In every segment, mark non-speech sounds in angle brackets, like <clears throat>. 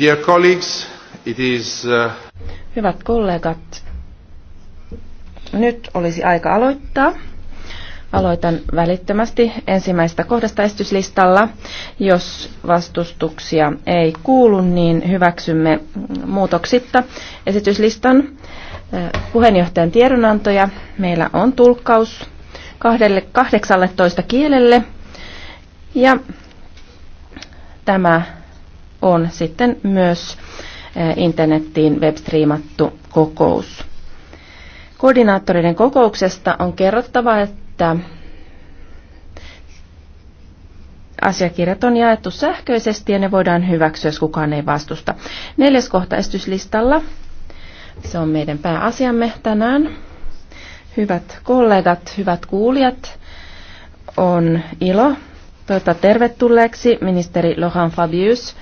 Dear colleagues, it is, uh... Hyvät kollegat, nyt olisi aika aloittaa. Aloitan välittömästi ensimmäistä kohdasta esityslistalla. Jos vastustuksia ei kuulu, niin hyväksymme muutoksitta esityslistan äh, puheenjohtajan tiedonantoja. Meillä on tulkkaus 18 kielelle ja tämä on sitten myös eh, internettiin webstreamattu kokous. Koordinaattoreiden kokouksesta on kerrottava, että asiakirjat on jaettu sähköisesti ja ne voidaan hyväksyä, jos kukaan ei vastusta. Neljäs kohta estyslistalla. Se on meidän pääasiamme tänään. Hyvät kollegat, hyvät kuulijat, on ilo toivottaa tervetulleeksi ministeri Lohan Fabius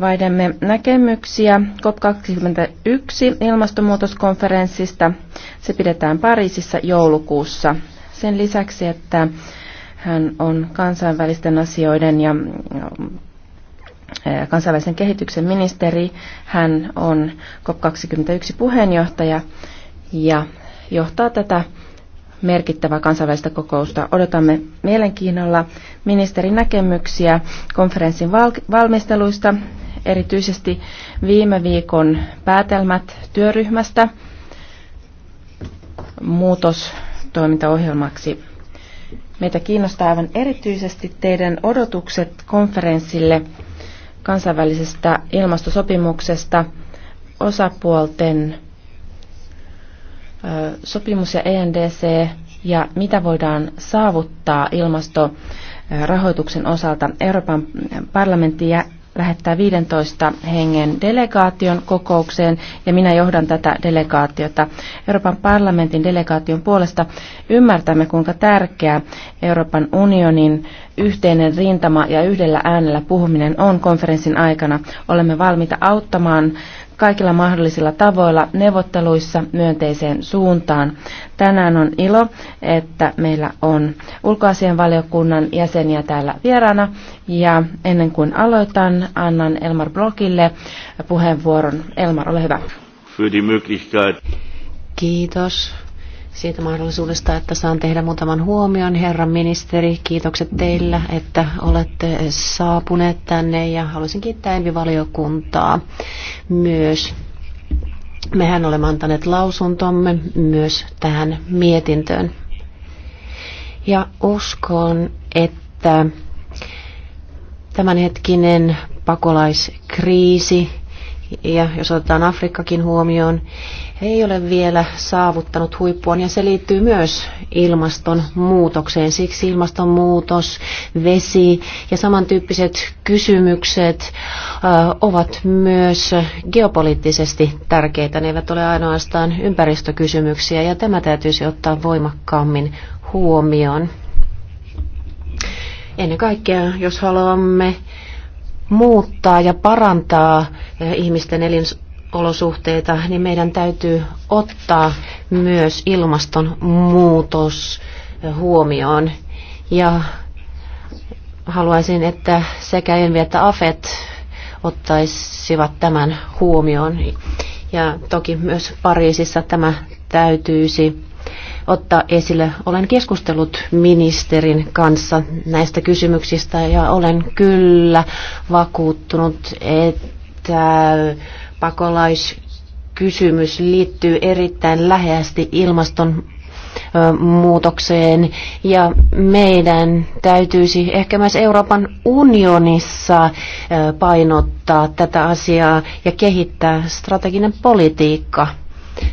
Vaihdamme näkemyksiä COP21 ilmastonmuutoskonferenssista. Se pidetään Pariisissa joulukuussa. Sen lisäksi, että hän on kansainvälisten asioiden ja eh, kansainvälisen kehityksen ministeri. Hän on COP21 puheenjohtaja ja johtaa tätä merkittävää kansainvälistä kokousta. Odotamme mielenkiinnolla ministerin näkemyksiä konferenssin valmisteluista erityisesti viime viikon päätelmät työryhmästä muutostoimintaohjelmaksi. Meitä kiinnostaa aivan erityisesti teidän odotukset konferenssille kansainvälisestä ilmastosopimuksesta, osapuolten sopimus ja ENDC ja mitä voidaan saavuttaa ilmastorahoituksen osalta. Euroopan parlamentti lähettää 15 hengen delegaation kokoukseen ja minä johdan tätä delegaatiota. Euroopan parlamentin delegaation puolesta ymmärtämme, kuinka tärkeää Euroopan unionin yhteinen rintama ja yhdellä äänellä puhuminen on konferenssin aikana. Olemme valmiita auttamaan kaikilla mahdollisilla tavoilla neuvotteluissa myönteiseen suuntaan. Tänään on ilo, että meillä on ulkoasianvaliokunnan jäseniä täällä vieraana. Ja ennen kuin aloitan, annan Elmar Blokille puheenvuoron. Elmar, ole hyvä. Kiitos siitä mahdollisuudesta, että saan tehdä muutaman huomion. Herra ministeri, kiitokset teillä, että olette saapuneet tänne ja haluaisin kiittää Envi-valiokuntaa myös. Mehän olemme antaneet lausuntomme myös tähän mietintöön. Ja uskon, että tämänhetkinen pakolaiskriisi ja jos otetaan Afrikkakin huomioon, ei ole vielä saavuttanut huippuaan ja se liittyy myös ilmastonmuutokseen. Siksi ilmastonmuutos, vesi ja samantyyppiset kysymykset ovat myös geopoliittisesti tärkeitä. Ne eivät ole ainoastaan ympäristökysymyksiä ja tämä täytyisi ottaa voimakkaammin huomioon. Ennen kaikkea, jos haluamme muuttaa ja parantaa eh, ihmisten elinolosuhteita, niin meidän täytyy ottaa myös ilmastonmuutos eh, huomioon. Ja haluaisin, että sekä Envi että AFET ottaisivat tämän huomioon. Ja toki myös Pariisissa tämä täytyisi ottaa esille. Olen keskustellut ministerin kanssa näistä kysymyksistä ja olen kyllä vakuuttunut, että pakolaiskysymys liittyy erittäin läheisesti ilmaston muutokseen ja meidän täytyisi ehkä myös Euroopan unionissa painottaa tätä asiaa ja kehittää strateginen politiikka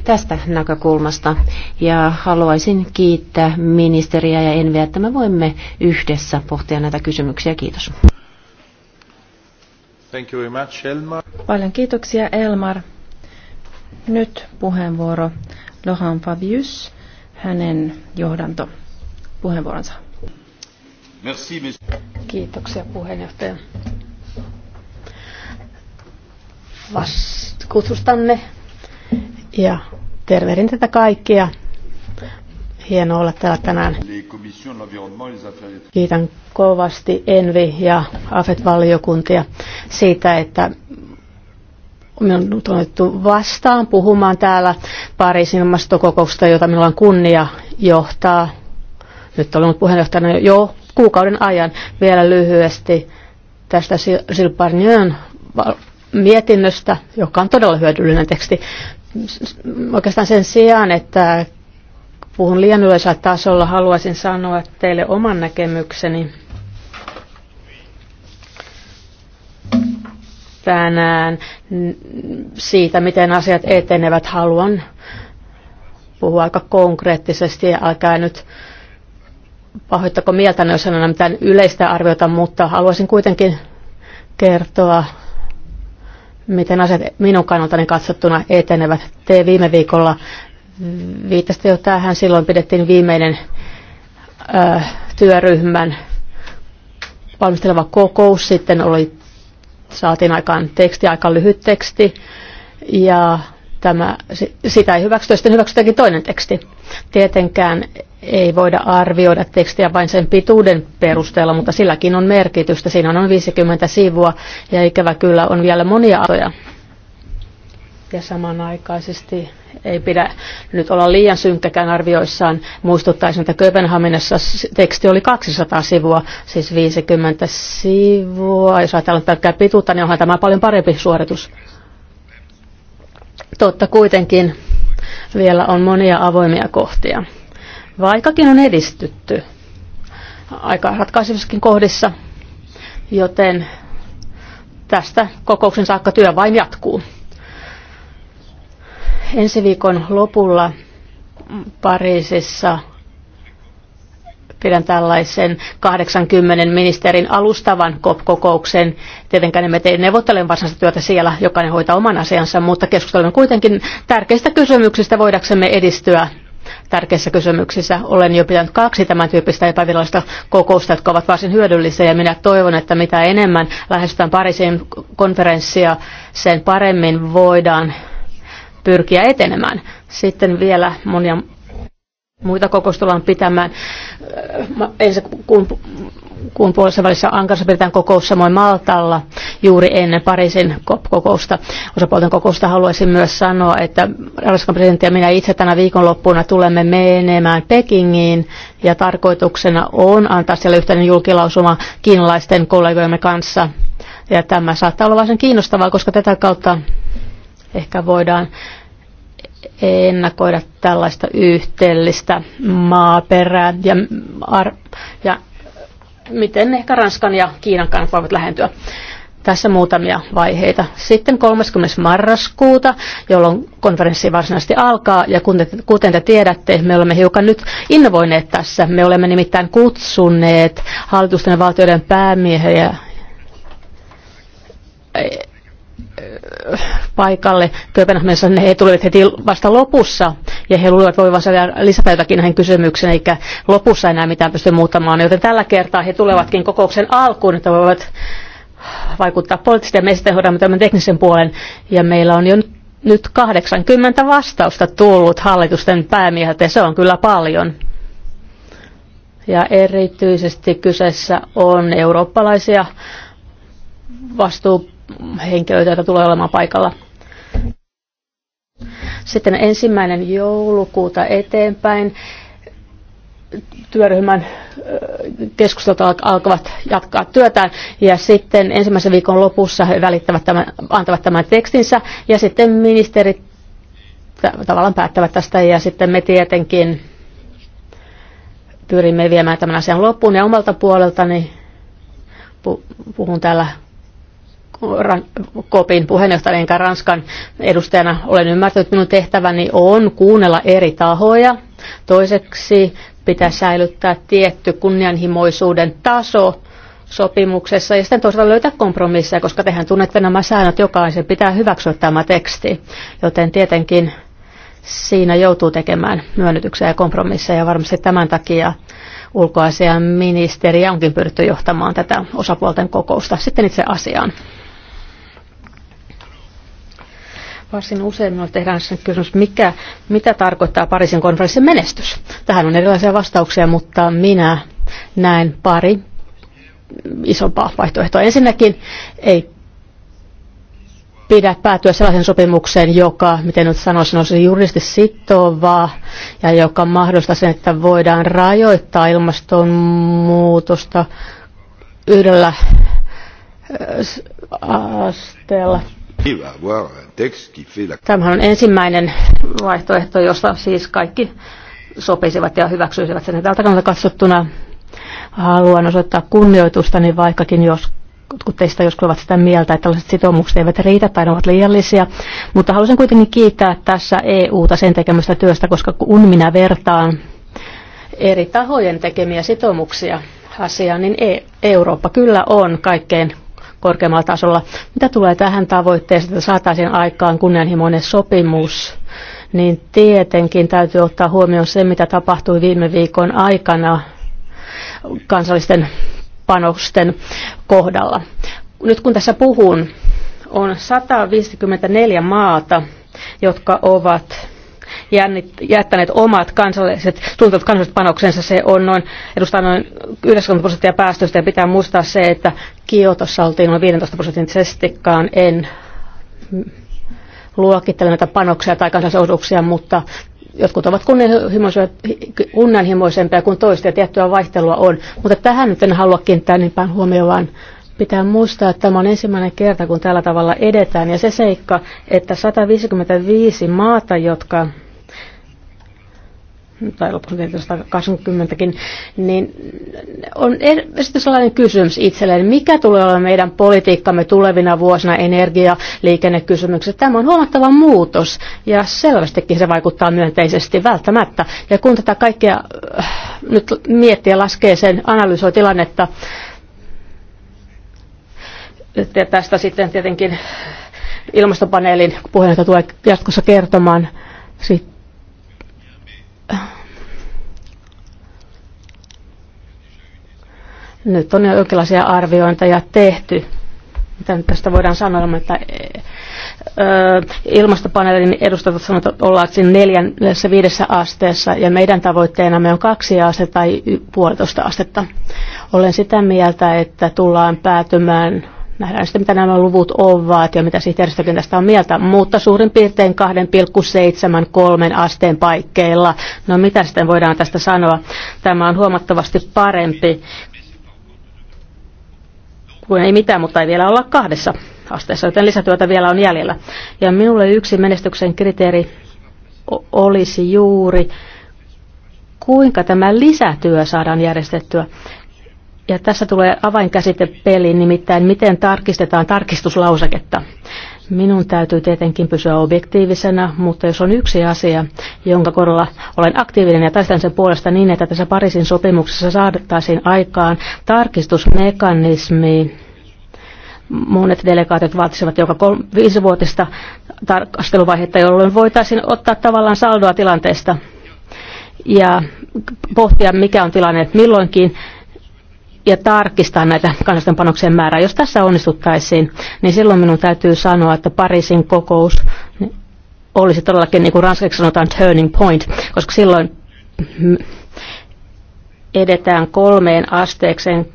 tästä näkökulmasta. Ja haluaisin kiittää ministeriä ja Enviä, että me voimme yhdessä pohtia näitä kysymyksiä. Kiitos. Thank you very much, Elmar. Paljon kiitoksia, Elmar. Nyt puheenvuoro Lohan Fabius, hänen johdanto puheenvuoronsa. Merci, Kiitoksia puheenjohtaja. kutsustanne ja tervehdin tätä kaikkia. Hienoa olla täällä tänään. Kiitän kovasti Envi ja AFET-valiokuntia siitä, että minut on otettu vastaan puhumaan täällä Pariisin ilmastokokouksesta, jota minulla on kunnia johtaa. Nyt olen ollut puheenjohtajana jo kuukauden ajan vielä lyhyesti tästä Silparnion mietinnöstä, joka on todella hyödyllinen teksti. Oikeastaan sen sijaan, että puhun liian yleisellä tasolla, haluaisin sanoa teille oman näkemykseni. tänään siitä, miten asiat etenevät. Haluan puhua aika konkreettisesti ja älkää nyt pahoittako mieltä, jos sanon mitään yleistä arviota, mutta haluaisin kuitenkin kertoa miten asiat minun kannaltani katsottuna etenevät. Te viime viikolla viittasitte jo tähän, silloin pidettiin viimeinen ö, työryhmän valmisteleva kokous, sitten oli, saatiin aikaan teksti, aika lyhyt teksti, ja tämä, sitä ei hyväksytä, sitten hyväksytäänkin toinen teksti. Tietenkään ei voida arvioida tekstiä vain sen pituuden perusteella, mutta silläkin on merkitystä. Siinä on noin 50 sivua ja ikävä kyllä on vielä monia aloja. Ja samanaikaisesti ei pidä nyt olla liian synkkäkään arvioissaan. Muistuttaisin, että Kööpenhaminassa teksti oli 200 sivua, siis 50 sivua. Jos ajatellaan pelkkää pituutta, niin onhan tämä paljon parempi suoritus. Totta kuitenkin vielä on monia avoimia kohtia. Vaikkakin on edistytty aika ratkaisevissakin kohdissa, joten tästä kokouksen saakka työ vain jatkuu. Ensi viikon lopulla Pariisissa Pidän tällaisen 80 ministerin alustavan kokouksen. Tietenkään emme tee neuvottelen varsinaista työtä siellä, jokainen hoitaa oman asiansa, mutta keskustelemme kuitenkin tärkeistä kysymyksistä voidaksemme edistyä tärkeissä kysymyksissä. Olen jo pitänyt kaksi tämän tyyppistä epävirallista kokousta, jotka ovat varsin hyödyllisiä ja minä toivon, että mitä enemmän lähestytään Pariisin konferenssia, sen paremmin voidaan pyrkiä etenemään. Sitten vielä monia Muita kokoustellaan pitämään äh, ensi kuun, kuun puolessa välissä Ankarassa pidetään kokous samoin Maltalla juuri ennen Pariisin kokousta. Osapuolten kokousta haluaisin myös sanoa, että Ranskan presidentti ja minä itse tänä viikonloppuna tulemme menemään Pekingiin ja tarkoituksena on antaa siellä yhteinen julkilausuma kiinalaisten kollegojemme kanssa. Ja tämä saattaa olla varsin kiinnostavaa, koska tätä kautta ehkä voidaan ennakoida tällaista yhteellistä maaperää ja, ar- ja miten ehkä Ranskan ja Kiinan kannat voivat lähentyä. Tässä muutamia vaiheita. Sitten 30. marraskuuta, jolloin konferenssi varsinaisesti alkaa, ja kuten te tiedätte, me olemme hiukan nyt innovoineet tässä. Me olemme nimittäin kutsuneet hallitusten ja valtioiden päämiehiä paikalle Kööpenhaminassa, ne he tulivat heti vasta lopussa ja he luulivat voivansa vielä lisätä jotakin näihin kysymyksiin, eikä lopussa enää mitään pysty muuttamaan. Joten tällä kertaa he tulevatkin kokouksen alkuun, että voivat vaikuttaa poliittisesti ja me sitten hoidamme tämän teknisen puolen ja meillä on jo nyt 80 vastausta tullut hallitusten päämieheltä ja se on kyllä paljon. Ja erityisesti kyseessä on eurooppalaisia vastuuhenkilöitä, joita tulee olemaan paikalla. Sitten ensimmäinen joulukuuta eteenpäin työryhmän keskustelut alkavat jatkaa työtään ja sitten ensimmäisen viikon lopussa he välittävät tämän, antavat tämän tekstinsä ja sitten ministerit tavallaan päättävät tästä ja sitten me tietenkin pyrimme viemään tämän asian loppuun ja omalta puoleltani puhun täällä Kopin puheenjohtajan enkä Ranskan edustajana olen ymmärtänyt, että minun tehtäväni on kuunnella eri tahoja. Toiseksi pitää säilyttää tietty kunnianhimoisuuden taso sopimuksessa ja sitten toisaalta löytää kompromisseja, koska tehän tunnette nämä säännöt, jokaisen pitää hyväksyä tämä teksti, joten tietenkin siinä joutuu tekemään myönnytyksiä ja kompromisseja ja varmasti tämän takia ulkoasian ministeriä onkin pyritty johtamaan tätä osapuolten kokousta. Sitten itse asiaan. Varsin usein minulle tehdään sen kysymys, mikä, mitä tarkoittaa Pariisin konferenssin menestys. Tähän on erilaisia vastauksia, mutta minä näen pari isompaa vaihtoehtoa. Ensinnäkin ei pidä päätyä sellaisen sopimukseen, joka, miten nyt sanoisin, olisi juristi sitovaa ja joka mahdollistaa sen, että voidaan rajoittaa ilmastonmuutosta yhdellä asteella Tämähän on ensimmäinen vaihtoehto, jossa siis kaikki sopisivat ja hyväksyisivät sen. Tältä kannalta katsottuna haluan osoittaa niin vaikkakin jos kun teistä joskus ovat sitä mieltä, että tällaiset sitoumukset eivät riitä tai ne ovat liiallisia. Mutta haluaisin kuitenkin kiittää tässä EUta sen tekemästä työstä, koska kun minä vertaan eri tahojen tekemiä sitoumuksia asiaan, niin e- Eurooppa kyllä on kaikkein korkeammalla tasolla. Mitä tulee tähän tavoitteeseen, että saataisiin aikaan kunnianhimoinen sopimus, niin tietenkin täytyy ottaa huomioon se, mitä tapahtui viime viikon aikana kansallisten panosten kohdalla. Nyt kun tässä puhun, on 154 maata, jotka ovat jättäneet omat kansalliset, tuntuvat kansalliset panoksensa. Se on noin, edustaa noin 90 prosenttia päästöistä ja pitää muistaa se, että Kiotossa oltiin noin 15 prosentin testikkaan. En luokittele näitä panoksia tai kansallisosuuksia, mutta jotkut ovat kunnianhimoisempia kuin toiset ja tiettyä vaihtelua on. Mutta tähän nyt en halua kiinnittää niin paljon huomioon, vaan pitää muistaa, että tämä on ensimmäinen kerta, kun tällä tavalla edetään. Ja se seikka, että 155 maata, jotka tai lopulta 1980kin, niin on er- sitten sellainen kysymys itselleen, mikä tulee olla meidän politiikkamme tulevina vuosina energia- liikennekysymykset. Tämä on huomattava muutos ja selvästikin se vaikuttaa myönteisesti välttämättä. Ja kun tätä kaikkea äh, nyt miettii ja laskee sen, analysoi tilannetta, ja tästä sitten tietenkin ilmastopaneelin puheenjohtaja tulee jatkossa kertomaan, sit nyt on jo jonkinlaisia arviointeja tehty. Mitä nyt tästä voidaan sanoa, että ilmastopaneelin edustajat sanovat, että ollaan siinä neljännessä viidessä asteessa ja meidän tavoitteena me on kaksi astetta tai puolitoista astetta. Olen sitä mieltä, että tullaan päätymään Nähdään sitten, mitä nämä luvut ovat ja mitä siitä tästä on mieltä, mutta suurin piirtein 2,73 asteen paikkeilla. No mitä sitten voidaan tästä sanoa? Tämä on huomattavasti parempi kuin ei mitään, mutta ei vielä olla kahdessa asteessa, joten lisätyötä vielä on jäljellä. Ja minulle yksi menestyksen kriteeri olisi juuri, kuinka tämä lisätyö saadaan järjestettyä. Ja tässä tulee avainkäsite peliin, nimittäin miten tarkistetaan tarkistuslauseketta. Minun täytyy tietenkin pysyä objektiivisena, mutta jos on yksi asia, jonka korolla olen aktiivinen ja taistan sen puolesta niin, että tässä Pariisin sopimuksessa saadettaisiin aikaan tarkistusmekanismi, monet delegaatit vaatisivat joka viisivuotista tarkasteluvaihetta, jolloin voitaisiin ottaa tavallaan saldoa tilanteesta ja pohtia, mikä on tilanne milloinkin ja tarkistaa näitä kansallisten panoksien määrää. Jos tässä onnistuttaisiin, niin silloin minun täytyy sanoa, että Pariisin kokous olisi todellakin, niin kuin ranskaksi sanotaan, turning point, koska silloin edetään kolmeen asteekseen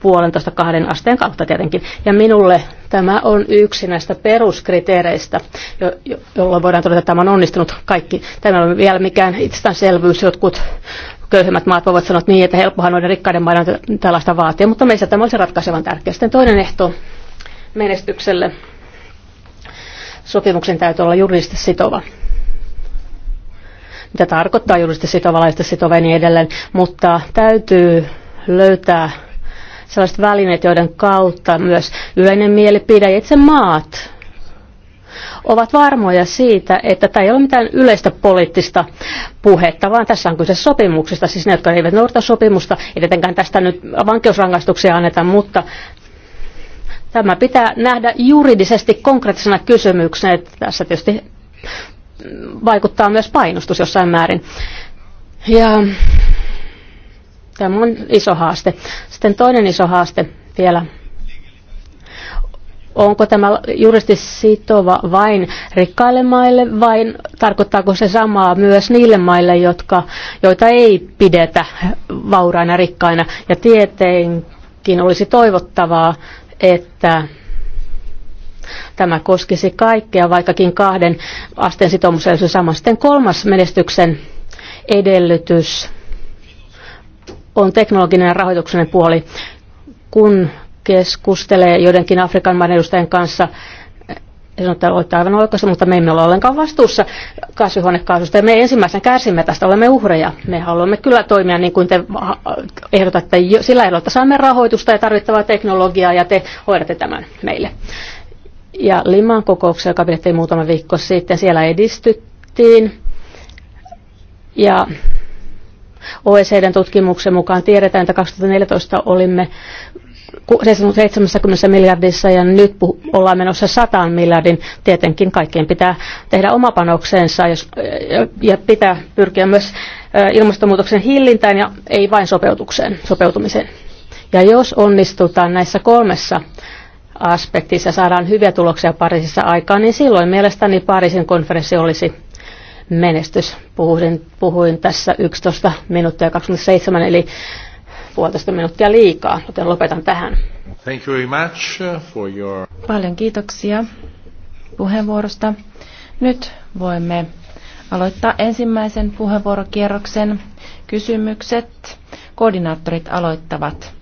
puolentoista kahden asteen kautta tietenkin. Ja minulle tämä on yksi näistä peruskriteereistä, jo, jo, jolloin voidaan todeta, että tämä on onnistunut kaikki. Tämä ei ole vielä mikään itsestäänselvyys. Jotkut köyhemmät maat voivat sanoa niin, että helppohan noiden rikkaiden maiden tällaista vaatia, mutta meissä tämä olisi ratkaisevan tärkeä. Sitten toinen ehto menestykselle. Sopimuksen täytyy olla juridisesti sitova. Mitä tarkoittaa juridisesti sitova, laista sitova ja niin edelleen, mutta täytyy löytää sellaiset välineet, joiden kautta myös yleinen mielipide ja itse maat ovat varmoja siitä, että tämä ei ole mitään yleistä poliittista puhetta, vaan tässä on kyse sopimuksesta. Siis ne, jotka eivät noudata sopimusta, ei tietenkään tästä nyt vankeusrangaistuksia anneta, mutta tämä pitää nähdä juridisesti konkreettisena kysymyksenä. Että tässä tietysti vaikuttaa myös painostus jossain määrin. Ja tämä on iso haaste. Sitten toinen iso haaste vielä onko tämä juristi sitova vain rikkaille maille vai tarkoittaako se samaa myös niille maille, jotka, joita ei pidetä vauraina rikkaina. Ja tietenkin olisi toivottavaa, että Tämä koskisi kaikkea, vaikkakin kahden asteen sitoumus olisi sama. Sitten kolmas menestyksen edellytys on teknologinen ja rahoituksellinen puoli. Kun keskustelee joidenkin Afrikan maiden edustajien kanssa, sanotaan, että olette aivan oikeassa, mutta me emme ole ollenkaan vastuussa kasvihuonekaasusta. Ja me ensimmäisen kärsimme tästä, olemme uhreja. Me haluamme kyllä toimia niin kuin te ehdotatte. Sillä ehdolla, että saamme rahoitusta ja tarvittavaa teknologiaa ja te hoidatte tämän meille. Ja Liman kokouksessa, joka pidettiin muutama viikko sitten, siellä edistyttiin. Ja OECDn tutkimuksen mukaan tiedetään, että 2014 olimme 70 miljardissa ja nyt ollaan menossa 100 miljardin. Tietenkin kaikkien pitää tehdä oma panoksensa ja pitää pyrkiä myös ilmastonmuutoksen hillintään ja ei vain sopeutukseen, sopeutumiseen. Ja jos onnistutaan näissä kolmessa aspektissa saadaan hyviä tuloksia Pariisissa aikaan, niin silloin mielestäni Pariisin konferenssi olisi menestys. Puhuin, puhuin tässä 11 minuuttia 27, eli puolitoista minuuttia liikaa, joten lopetan tähän. Thank you very much uh, for your... Paljon kiitoksia puheenvuorosta. Nyt voimme aloittaa ensimmäisen puheenvuorokierroksen. Kysymykset. Koordinaattorit aloittavat.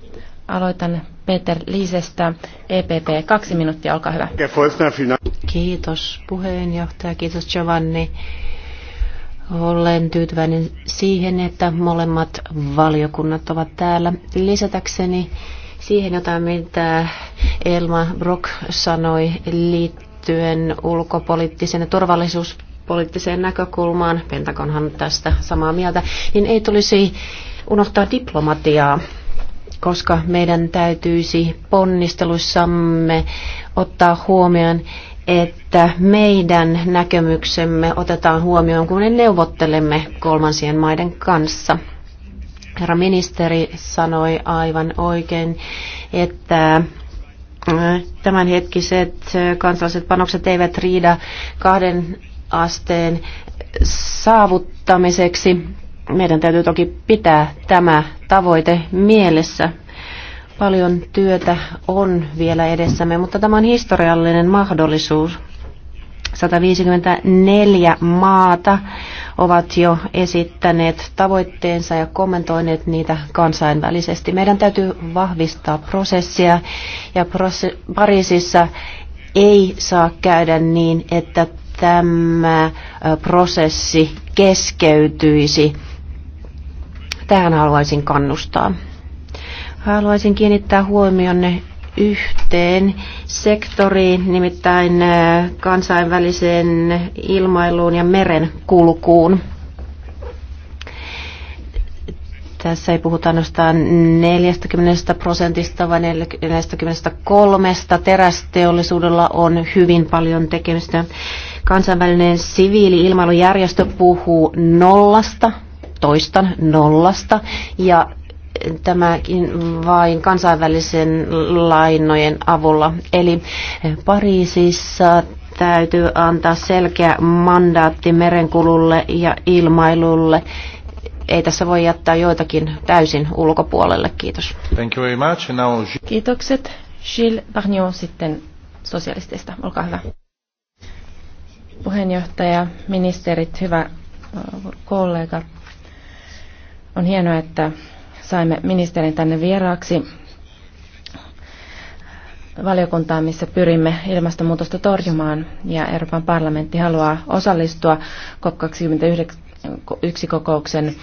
Aloitan Peter Liisestä, EPP. Kaksi minuuttia, olkaa hyvä. Kiitos puheenjohtaja, kiitos Giovanni. Olen tyytyväinen siihen, että molemmat valiokunnat ovat täällä. Lisätäkseni siihen jotain, mitä Elma Brock sanoi liittyen ulkopoliittisen ja turvallisuuspoliittiseen näkökulmaan, Pentagonhan tästä samaa mieltä, niin ei tulisi unohtaa diplomatiaa, koska meidän täytyisi ponnisteluissamme ottaa huomioon että meidän näkemyksemme otetaan huomioon, kun ne neuvottelemme kolmansien maiden kanssa. Herra ministeri sanoi aivan oikein, että äh, tämänhetkiset äh, kansalliset panokset eivät riida kahden asteen saavuttamiseksi. Meidän täytyy toki pitää tämä tavoite mielessä, Paljon työtä on vielä edessämme, mutta tämä on historiallinen mahdollisuus. 154 maata ovat jo esittäneet tavoitteensa ja kommentoineet niitä kansainvälisesti. Meidän täytyy vahvistaa prosessia ja Pariisissa ei saa käydä niin, että tämä prosessi keskeytyisi. Tähän haluaisin kannustaa. Haluaisin kiinnittää huomionne yhteen sektoriin, nimittäin äh, kansainväliseen ilmailuun ja meren kulkuun. Tässä ei puhuta ainoastaan 40 prosentista, vaan 43. Terästeollisuudella on hyvin paljon tekemistä. Kansainvälinen siviili-ilmailujärjestö puhuu nollasta, toistan nollasta, ja tämäkin vain kansainvälisen lainojen avulla. Eli Pariisissa täytyy antaa selkeä mandaatti merenkululle ja ilmailulle. Ei tässä voi jättää joitakin täysin ulkopuolelle. Kiitos. Thank you very much. Now... Kiitokset. Gilles Barnion sitten sosialisteista. Olkaa hyvä. Puheenjohtaja, ministerit, hyvä kollega. On hienoa, että saimme ministerin tänne vieraaksi valiokuntaan, missä pyrimme ilmastonmuutosta torjumaan. Ja Euroopan parlamentti haluaa osallistua COP21-kokouksen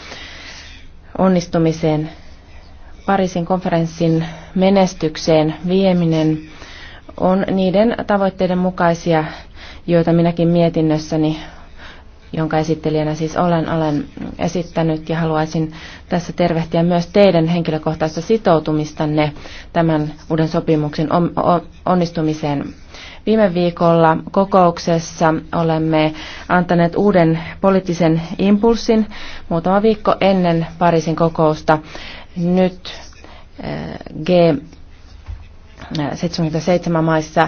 onnistumiseen. Pariisin konferenssin menestykseen vieminen on niiden tavoitteiden mukaisia, joita minäkin mietinnössäni jonka esittelijänä siis olen, olen esittänyt ja haluaisin tässä tervehtiä myös teidän henkilökohtaista sitoutumistanne tämän uuden sopimuksen onnistumiseen. Viime viikolla kokouksessa olemme antaneet uuden poliittisen impulssin muutama viikko ennen Pariisin kokousta. Nyt eh, G77 maissa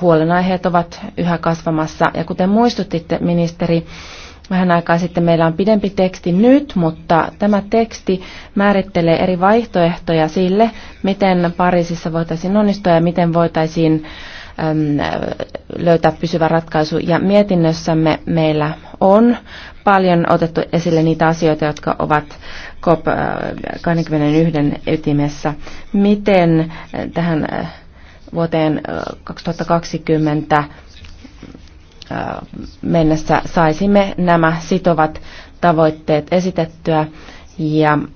huolenaiheet ovat yhä kasvamassa. Ja kuten muistutitte, ministeri, vähän aikaa sitten meillä on pidempi teksti nyt, mutta tämä teksti määrittelee eri vaihtoehtoja sille, miten Pariisissa voitaisiin onnistua ja miten voitaisiin löytää pysyvä ratkaisu. Ja mietinnössämme meillä on paljon otettu esille niitä asioita, jotka ovat COP21 äh, ytimessä. Miten äh, tähän äh, vuoteen 2020 mennessä saisimme nämä sitovat tavoitteet esitettyä ja mm,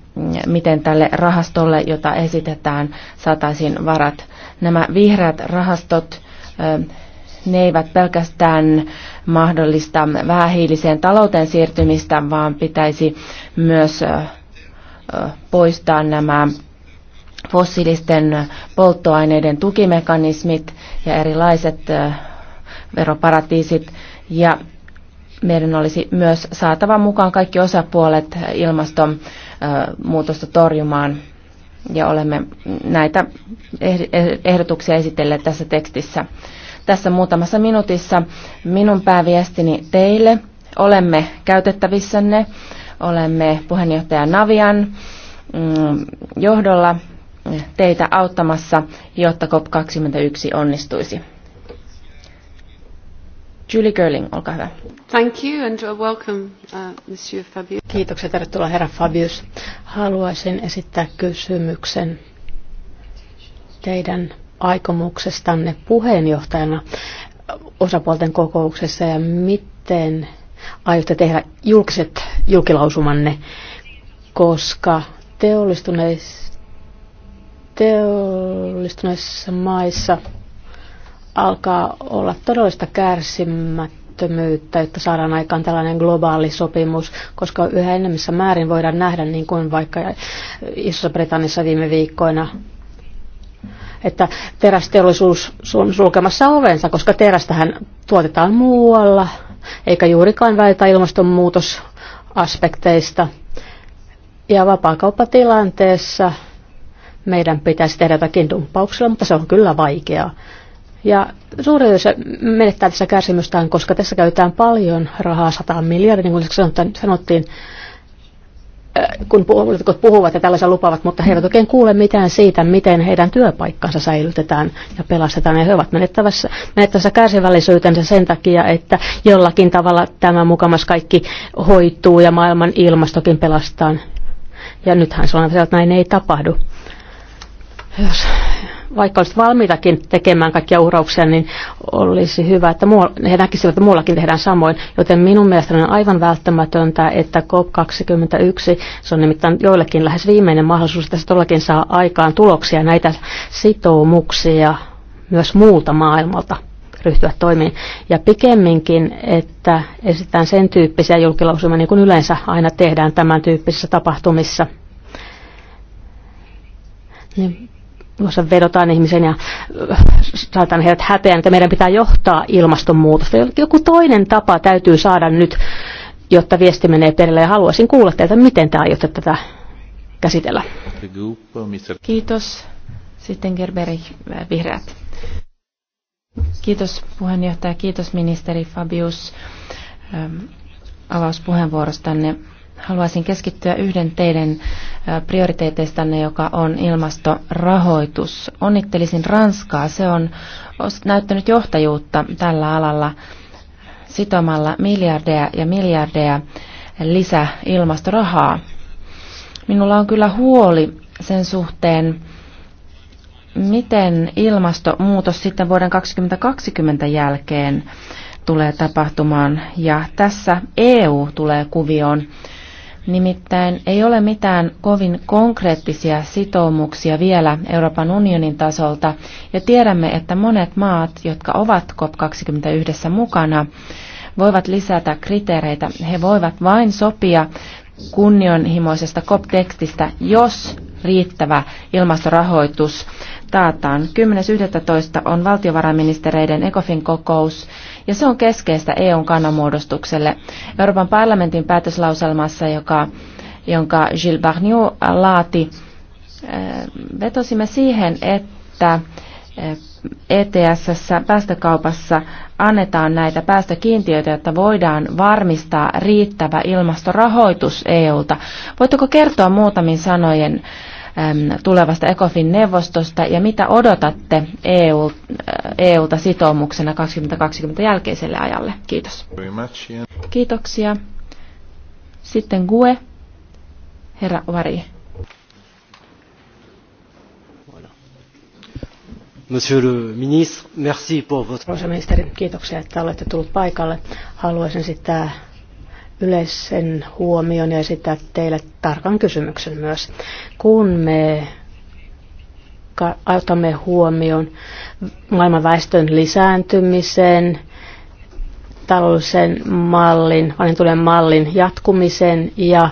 miten tälle rahastolle, jota esitetään, saataisiin varat. Nämä vihreät rahastot, ne eivät pelkästään mahdollista vähähiiliseen talouteen siirtymistä, vaan pitäisi myös poistaa nämä fossiilisten polttoaineiden tukimekanismit ja erilaiset veroparatiisit. Ja meidän olisi myös saatava mukaan kaikki osapuolet ilmastonmuutosta torjumaan. Ja olemme näitä eh, ehdotuksia esitelleet tässä tekstissä. Tässä muutamassa minuutissa minun pääviestini teille. Olemme käytettävissänne. Olemme puheenjohtaja Navian mm, johdolla teitä auttamassa, jotta COP21 onnistuisi. Julie Gerling, olkaa hyvä. Thank you and welcome, uh, Monsieur Fabius. Kiitoksia, tervetuloa herra Fabius. Haluaisin esittää kysymyksen teidän aikomuksestanne puheenjohtajana osapuolten kokouksessa ja miten aiotte tehdä julkiset julkilausumanne, koska teollistuneissa teollistuneissa maissa alkaa olla todellista kärsimättömyyttä, että saadaan aikaan tällainen globaali sopimus, koska yhä enemmissä määrin voidaan nähdä, niin kuin vaikka isossa Britannissa viime viikkoina, että terästeollisuus on sulkemassa ovensa, koska terästähän tuotetaan muualla, eikä juurikaan väitä ilmastonmuutosaspekteista. Ja vapaakauppatilanteessa tilanteessa meidän pitäisi tehdä jotakin dumppauksella, mutta se on kyllä vaikeaa. Ja suuri osa menettää tässä kärsimystään, koska tässä käytetään paljon rahaa, 100 miljardia, niin kuin sanottiin, äh, kun poliitikot puhuvat ja tällaisia lupavat, mutta he eivät oikein kuule mitään siitä, miten heidän työpaikkansa säilytetään ja pelastetaan. Ja he ovat menettävässä, menettävässä kärsivällisyytensä sen takia, että jollakin tavalla tämä mukamas kaikki hoituu ja maailman ilmastokin pelastaan. Ja nythän se on, että näin ei tapahdu jos vaikka olisit valmiitakin tekemään kaikkia uhrauksia, niin olisi hyvä, että muu, he näkisivät, että muullakin tehdään samoin. Joten minun mielestäni on aivan välttämätöntä, että COP21, se on nimittäin joillekin lähes viimeinen mahdollisuus, että se todellakin saa aikaan tuloksia näitä sitoumuksia myös muulta maailmalta ryhtyä toimiin. Ja pikemminkin, että esitään sen tyyppisiä julkilausumia, niin kuin yleensä aina tehdään tämän tyyppisissä tapahtumissa. Niin jossa vedotaan ihmisen ja äh, saatan heidät häpeään, että meidän pitää johtaa ilmastonmuutosta. Joku toinen tapa täytyy saada nyt, jotta viesti menee perille ja haluaisin kuulla teiltä, miten te aiotte tätä käsitellä. Kiitos. Sitten Gerberi, äh, vihreät. Kiitos puheenjohtaja, kiitos ministeri Fabius ähm, avauspuheenvuorostanne. Haluaisin keskittyä yhden teidän prioriteeteistanne, joka on ilmastorahoitus. Onnittelisin Ranskaa. Se on näyttänyt johtajuutta tällä alalla sitomalla miljardeja ja miljardeja lisä ilmastorahaa. Minulla on kyllä huoli sen suhteen, miten ilmastonmuutos sitten vuoden 2020 jälkeen tulee tapahtumaan. Ja tässä EU tulee kuvioon Nimittäin ei ole mitään kovin konkreettisia sitoumuksia vielä Euroopan unionin tasolta, ja tiedämme, että monet maat, jotka ovat COP21 mukana, voivat lisätä kriteereitä. He voivat vain sopia kunnionhimoisesta COP-tekstistä, jos riittävä ilmastorahoitus taataan. 10.11. on valtiovarainministereiden ECOFIN kokous ja se on keskeistä EUn kannanmuodostukselle. Euroopan parlamentin päätöslauselmassa, joka, jonka Gilles Barniou laati, eh, vetosimme siihen, että ETS eh, e päästökaupassa annetaan näitä päästökiintiöitä, jotta voidaan varmistaa riittävä ilmastorahoitus EUlta. Voitteko kertoa muutamin sanojen tulevasta ECOFIN-neuvostosta ja mitä odotatte EU, e ta sitoumuksena 2020 jälkeiselle ajalle? Kiitos. Kiitoksia. Sitten GUE, herra Vari. Monsieur le ministre, merci pour votre... Ministeri, kiitoksia, että olette tullut paikalle. Haluaisin sitten yleisen huomion ja esittää teille tarkan kysymyksen myös. Kun me otamme huomioon maailman väestön lisääntymisen, taloudellisen mallin, vanhentuneen mallin jatkumisen ja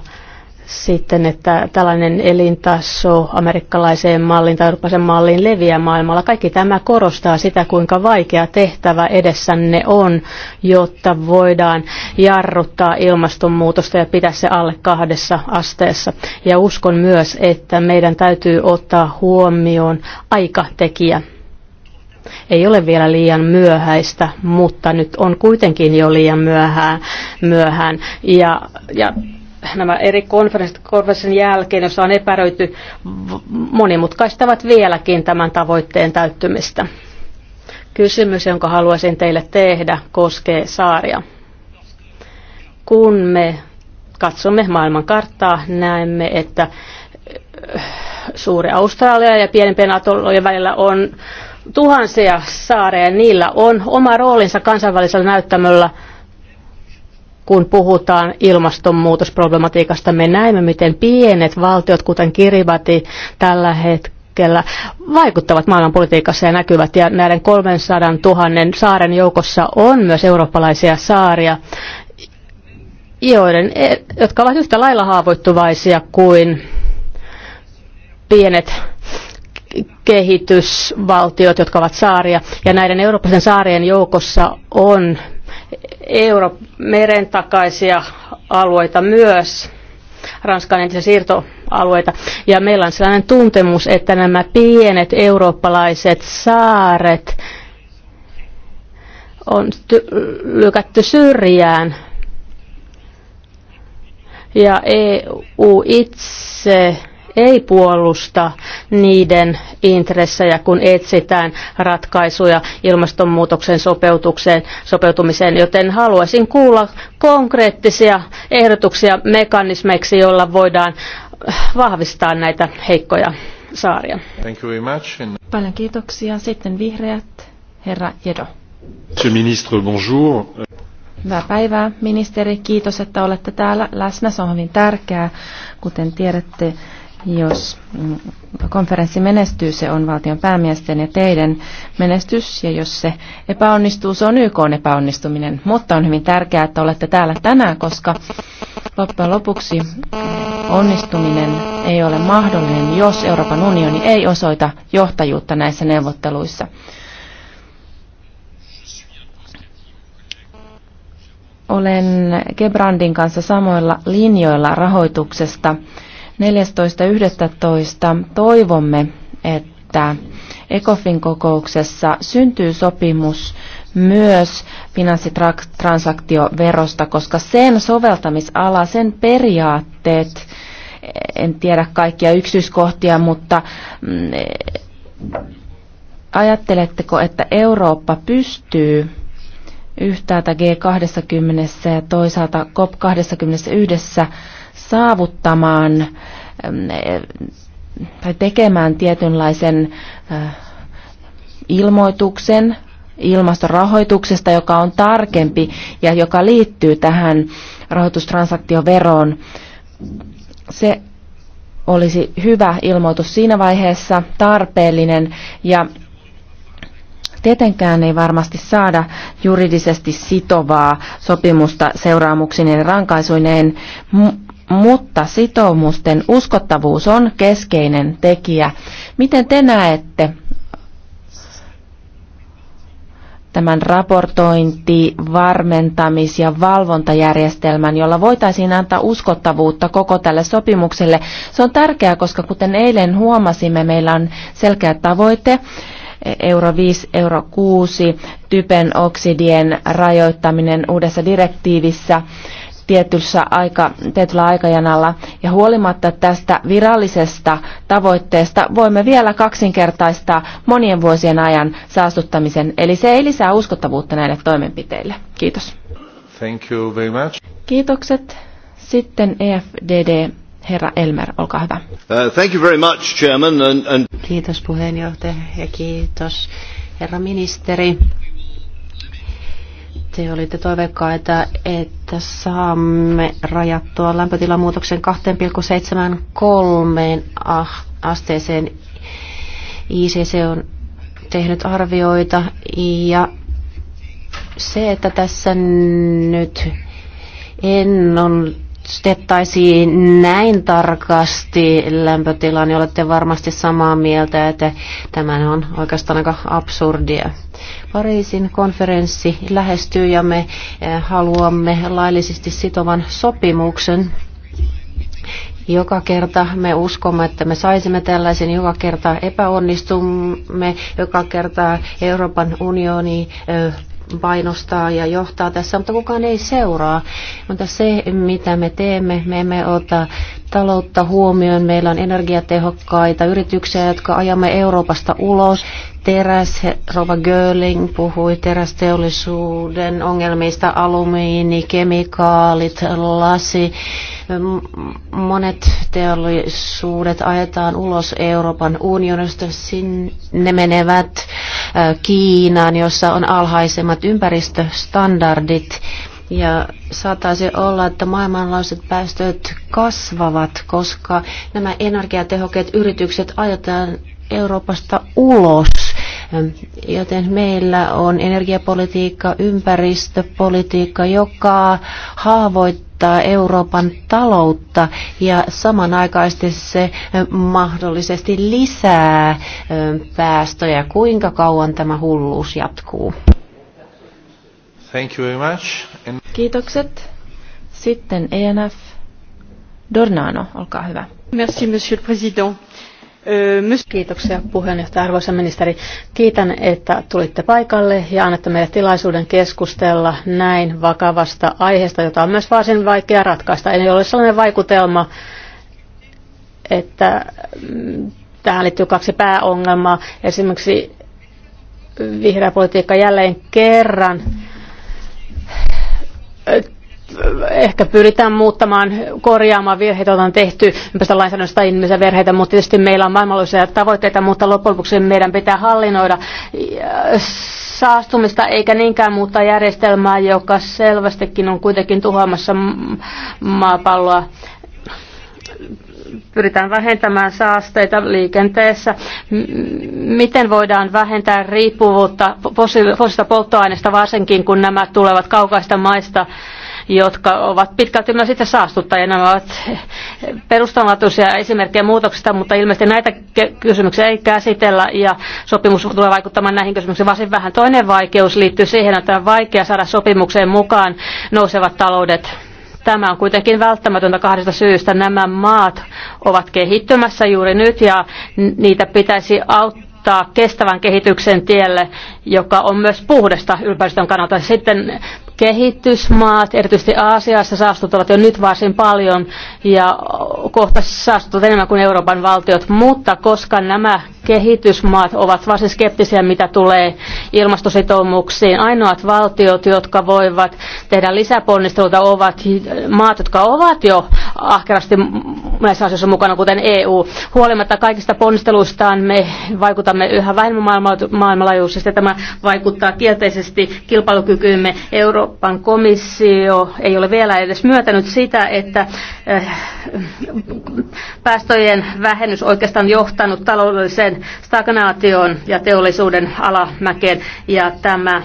sitten, että tällainen elintaso amerikkalaiseen malliin tai eurooppalaiseen malliin leviää maailmalla. Kaikki tämä korostaa sitä, kuinka vaikea tehtävä edessänne on, jotta voidaan jarruttaa ilmastonmuutosta ja pitää se alle kahdessa asteessa. Ja uskon myös, että meidän täytyy ottaa huomioon aikatekijä. Ei ole vielä liian myöhäistä, mutta nyt on kuitenkin jo liian myöhään. myöhään. Ja, ja nämä eri konferenssit konferenssin jälkeen, jossa on epäröity, monimutkaistavat vieläkin tämän tavoitteen täyttymistä. Kysymys, jonka haluaisin teille tehdä, koskee saaria. Kun me katsomme maailman karttaa, näemme, että äh, suuri Australia ja pienempien atollojen välillä on tuhansia saareja. Niillä on oma roolinsa kansainvälisellä näyttämöllä – kun puhutaan ilmastonmuutosproblematiikasta. Me näemme, miten pienet valtiot, kuten Kiribati, tällä hetkellä vaikuttavat maailmanpolitiikassa ja näkyvät. Ja näiden 300 000 saaren joukossa on myös eurooppalaisia saaria, joiden, e- jotka ovat yhtä lailla haavoittuvaisia kuin pienet kehitysvaltiot, jotka ovat saaria. Ja näiden eurooppalaisen saarien joukossa on euromeren takaisia alueita myös, Ranskan entisiä siirtoalueita. Ja meillä on sellainen tuntemus, että nämä pienet eurooppalaiset saaret on lykätty syrjään. Ja EU itse ei puolusta niiden intressejä, kun etsitään ratkaisuja ilmastonmuutoksen sopeutukseen, sopeutumiseen, joten haluaisin kuulla konkreettisia ehdotuksia mekanismeiksi, joilla voidaan äh, vahvistaa näitä heikkoja saaria. Thank you very much. Paljon kiitoksia. Sitten vihreät, herra Jedo. Monsieur ministre, bonjour. Hyvää päivää, ministeri. Kiitos, että olette täällä läsnä. Se on hyvin tärkeää. Kuten tiedätte, jos mm, konferenssi menestyy, se on valtion päämiesten ja teidän menestys, ja jos se epäonnistuu, se on YK on epäonnistuminen. Mutta on hyvin tärkeää, että olette täällä tänään, koska loppujen lopuksi eh, onnistuminen ei ole mahdollinen, jos Euroopan unioni ei osoita johtajuutta näissä neuvotteluissa. Olen Gebrandin kanssa samoilla linjoilla rahoituksesta 14.11. toivomme, että ECOFIN kokouksessa syntyy sopimus myös finanssitransaktioverosta, koska sen soveltamisala, sen periaatteet, en tiedä kaikkia yksityiskohtia, mutta mm, ajatteletteko, että Eurooppa pystyy yhtäältä G20 ja toisaalta COP21 saavuttamaan tai tekemään tietynlaisen ilmoituksen ilmastorahoituksesta, joka on tarkempi ja joka liittyy tähän rahoitustransaktioveroon. Se olisi hyvä ilmoitus siinä vaiheessa, tarpeellinen ja Tietenkään ei varmasti saada juridisesti sitovaa sopimusta seuraamuksineen ja rankaisuineen, mutta sitoumusten uskottavuus on keskeinen tekijä. Miten te näette tämän raportointi, varmentamis- ja valvontajärjestelmän, jolla voitaisiin antaa uskottavuutta koko tälle sopimukselle. Se on tärkeää, koska kuten eilen huomasimme, meillä on selkeä tavoite, euro 5, euro 6, typen oksidien rajoittaminen uudessa direktiivissä tietyssä aika, tietyllä aikajanalla. Ja huolimatta tästä virallisesta tavoitteesta voimme vielä kaksinkertaistaa monien vuosien ajan saastuttamisen. Eli se ei lisää uskottavuutta näille toimenpiteille. Kiitos. Thank you very much. Kiitokset. Sitten EFDD. Herra Elmer, olkaa hyvä. Uh, thank you very much, Chairman. And, and... Kiitos puheenjohtaja ja kiitos herra ministeri te olitte toiveikkaita, että saamme rajattua lämpötilamuutoksen 2,73 ah- asteeseen. ICC on tehnyt arvioita ja se, että tässä nyt en on katsottaisiin näin tarkasti lämpötila, niin olette varmasti samaa mieltä, että tämä on oikeastaan aika absurdia. Pariisin konferenssi lähestyy ja me eh, haluamme laillisesti sitovan sopimuksen. Joka kerta me uskomme, että me saisimme tällaisen, joka kerta epäonnistumme, joka kerta Euroopan unioni eh, painostaa ja johtaa tässä, mutta kukaan ei seuraa. Mutta se, mitä me teemme, me emme ota taloutta huomioon. Meillä on energiatehokkaita yrityksiä, jotka ajamme Euroopasta ulos. Teräs, Rova Görling puhui terästeollisuuden ongelmista, alumiini, kemikaalit, lasi. Monet teollisuudet ajetaan ulos Euroopan unionista. Sinne menevät äh, Kiinaan, jossa on alhaisemmat ympäristöstandardit. Ja saattaisi olla, että maailmanlaajuiset päästöt kasvavat, koska nämä energiatehokeet yritykset ajetaan Euroopasta ulos. Joten meillä on energiapolitiikka, ympäristöpolitiikka, joka haavoittaa Euroopan taloutta ja samanaikaisesti se mahdollisesti lisää päästöjä. Kuinka kauan tämä hulluus jatkuu? Thank you very much. And... Kiitokset. Sitten ENF. Dornano, olkaa hyvä. Merci, monsieur le président. Euh, kiitoksia puheenjohtaja, arvoisa ministeri. Kiitän, että tulitte paikalle ja annatte meille tilaisuuden keskustella näin vakavasta aiheesta, jota on myös varsin vaikea ratkaista. Ei ole sellainen vaikutelma, että mm, tähän liittyy kaksi pääongelmaa. Esimerkiksi vihreä politiikka jälleen kerran ehkä pyritään muuttamaan, korjaamaan virheitä, joita on tehty ympäristölainsäädännössä tai ihmisiä virheitä, mutta tietysti meillä on maailmanlaajuisia tavoitteita, mutta loppujen lopuksi meidän pitää hallinnoida saastumista eikä niinkään muuttaa järjestelmää, joka selvästikin on kuitenkin tuhoamassa maapalloa pyritään vähentämään saasteita liikenteessä. Miten voidaan vähentää riippuvuutta fossiilista polttoaineista, varsinkin kun nämä tulevat kaukaista maista, jotka ovat pitkälti myös itse saastuttajia. Nämä ovat perustavanlaatuisia esimerkkejä muutoksista, mutta ilmeisesti näitä kysymyksiä ei käsitellä ja sopimus tulee vaikuttamaan näihin kysymyksiin varsin siis vähän. Toinen vaikeus liittyy siihen, että on vaikea saada sopimukseen mukaan nousevat taloudet Tämä on kuitenkin välttämätöntä kahdesta syystä. Nämä maat ovat kehittymässä juuri nyt ja niitä pitäisi auttaa kestävän kehityksen tielle, joka on myös puhdasta ympäristön kannalta. Sitten Kehitysmaat, erityisesti Aasiassa, saastuttavat jo nyt varsin paljon ja kohta saastuttavat enemmän kuin Euroopan valtiot, mutta koska nämä kehitysmaat ovat varsin skeptisiä, mitä tulee ilmastositoumuksiin, ainoat valtiot, jotka voivat tehdä lisäponnisteluita, ovat maat, jotka ovat jo ahkerasti näissä asioissa mukana, kuten EU. Huolimatta kaikista ponnisteluistaan me vaikutamme yhä vähemmän maailmanlaajuisesti. Tämä vaikuttaa kielteisesti kilpailukykyymme. Euro- Euroopan komissio ei ole vielä edes myötänyt sitä, että eh, päästöjen vähennys oikeastaan johtanut taloudelliseen stagnaatioon ja teollisuuden alamäkeen. Ja, tämä,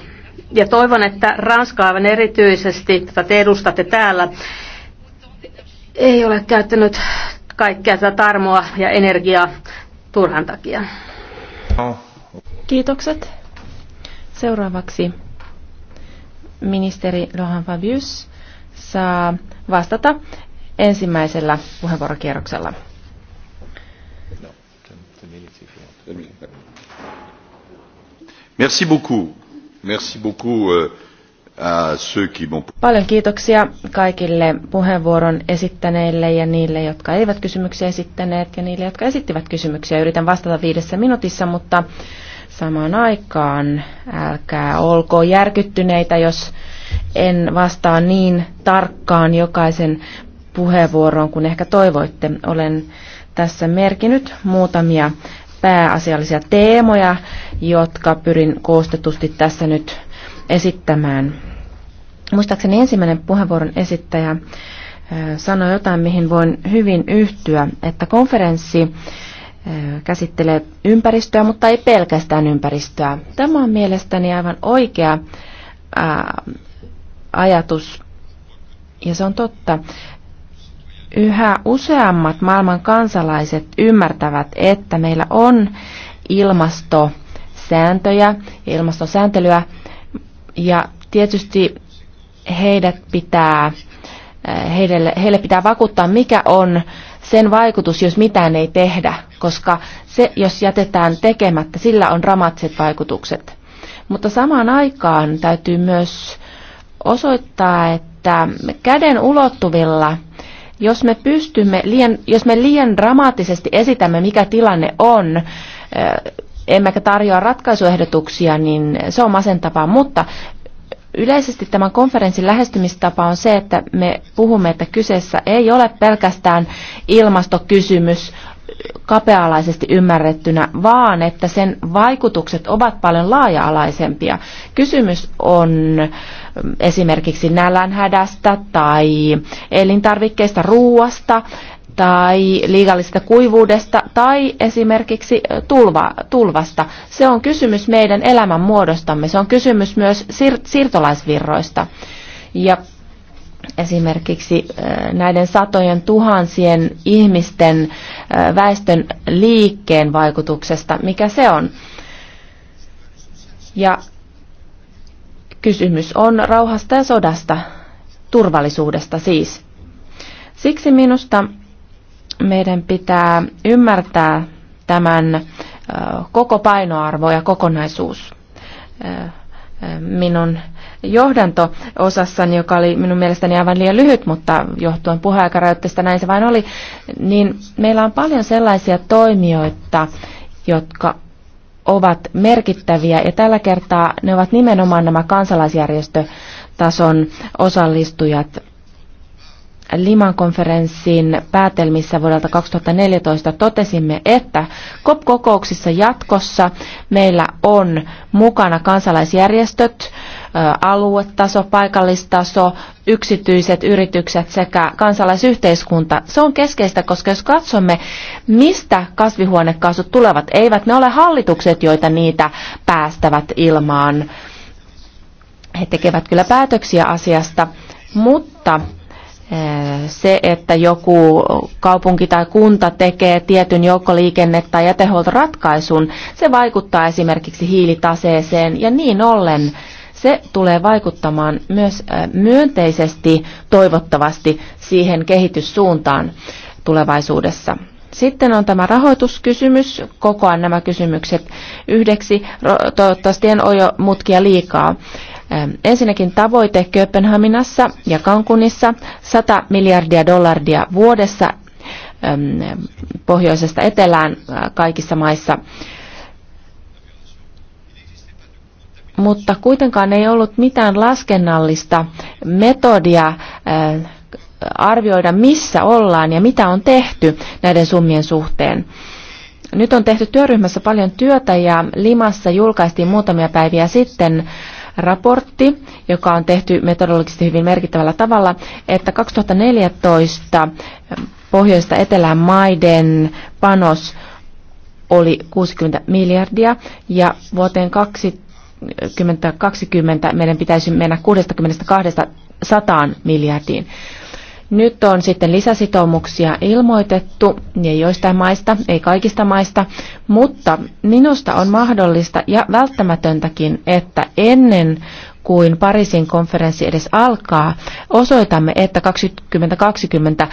ja toivon, että Ranska aivan erityisesti, että te edustatte täällä, ei ole käyttänyt kaikkea tätä tarmoa ja energiaa turhan takia. Kiitokset. Seuraavaksi ministeri Lohan Fabius saa vastata ensimmäisellä puheenvuorokierroksella. No, Merci beaucoup. Merci beaucoup euh, à ceux qui m'ont... Paljon kiitoksia kaikille puheenvuoron esittäneille ja niille, jotka eivät kysymyksiä esittäneet ja niille, jotka esittivät kysymyksiä. Yritän vastata viidessä minuutissa, mutta samaan aikaan. Älkää olko järkyttyneitä, jos en vastaa niin tarkkaan jokaisen puheenvuoroon kuin ehkä toivoitte. Olen tässä merkinyt muutamia pääasiallisia teemoja, jotka pyrin koostetusti tässä nyt esittämään. Muistaakseni ensimmäinen puheenvuoron esittäjä sanoi jotain, mihin voin hyvin yhtyä, että konferenssi käsittelee ympäristöä, mutta ei pelkästään ympäristöä. Tämä on mielestäni aivan oikea ää, ajatus, ja se on totta. Yhä useammat maailman kansalaiset ymmärtävät, että meillä on ilmastosääntöjä ja ilmastosääntelyä, ja tietysti heidät pitää heille, heille pitää vakuuttaa, mikä on sen vaikutus, jos mitään ei tehdä, koska se, jos jätetään tekemättä, sillä on dramaattiset vaikutukset. Mutta samaan aikaan täytyy myös osoittaa, että käden ulottuvilla, jos me pystymme liian, jos me liian dramaattisesti esitämme, mikä tilanne on, eh, emmekä tarjoa ratkaisuehdotuksia, niin se on masentavaa, mutta Yleisesti tämän konferenssin lähestymistapa on se, että me puhumme, että kyseessä ei ole pelkästään ilmastokysymys kapealaisesti ymmärrettynä, vaan että sen vaikutukset ovat paljon laaja-alaisempia. Kysymys on mm, esimerkiksi nälänhädästä tai elintarvikkeista, ruuasta, tai liigallisesta kuivuudesta tai esimerkiksi tulva, tulvasta. Se on kysymys meidän elämän muodostamme. Se on kysymys myös siir- siirtolaisvirroista. Ja esimerkiksi äh, näiden satojen tuhansien ihmisten äh, väestön liikkeen vaikutuksesta, mikä se on. Ja kysymys on rauhasta ja sodasta, turvallisuudesta siis. Siksi minusta meidän pitää ymmärtää tämän koko painoarvo ja kokonaisuus. Minun johdanto-osassani, joka oli minun mielestäni aivan liian lyhyt, mutta johtuen puheaikarajoitteesta näin se vain oli, niin meillä on paljon sellaisia toimijoita, jotka ovat merkittäviä ja tällä kertaa ne ovat nimenomaan nämä kansalaisjärjestötason osallistujat Liman konferenssin päätelmissä vuodelta 2014 totesimme, että COP-kokouksissa jatkossa meillä on mukana kansalaisjärjestöt, aluetaso, paikallistaso, yksityiset yritykset sekä kansalaisyhteiskunta. Se on keskeistä, koska jos katsomme, mistä kasvihuonekaasut tulevat, eivät ne ole hallitukset, joita niitä päästävät ilmaan. He tekevät kyllä päätöksiä asiasta, mutta se, että joku kaupunki tai kunta tekee tietyn joukkoliikenne- tai jätehuoltoratkaisun, se vaikuttaa esimerkiksi hiilitaseeseen ja niin ollen se tulee vaikuttamaan myös myönteisesti toivottavasti siihen kehityssuuntaan tulevaisuudessa. Sitten on tämä rahoituskysymys. Kokoan nämä kysymykset yhdeksi. Toivottavasti en ojo mutkia liikaa. Ensinnäkin tavoite Kööpenhaminassa ja Kankunissa 100 miljardia dollaria vuodessa pohjoisesta etelään kaikissa maissa. Mutta kuitenkaan ei ollut mitään laskennallista metodia arvioida, missä ollaan ja mitä on tehty näiden summien suhteen. Nyt on tehty työryhmässä paljon työtä ja Limassa julkaistiin muutamia päiviä sitten äh, raportti, joka on tehty metodologisesti hyvin merkittävällä tavalla, että 2014 pohjoista etelään maiden panos oli 60 miljardia ja vuoteen 2020 meidän pitäisi mennä 62 100 miljardiin. Nyt on sitten lisäsitoumuksia ilmoitettu, ei joistain maista, ei kaikista maista, mutta minusta on mahdollista ja välttämätöntäkin, että ennen kuin Pariisin konferenssi edes alkaa, osoitamme, että 2020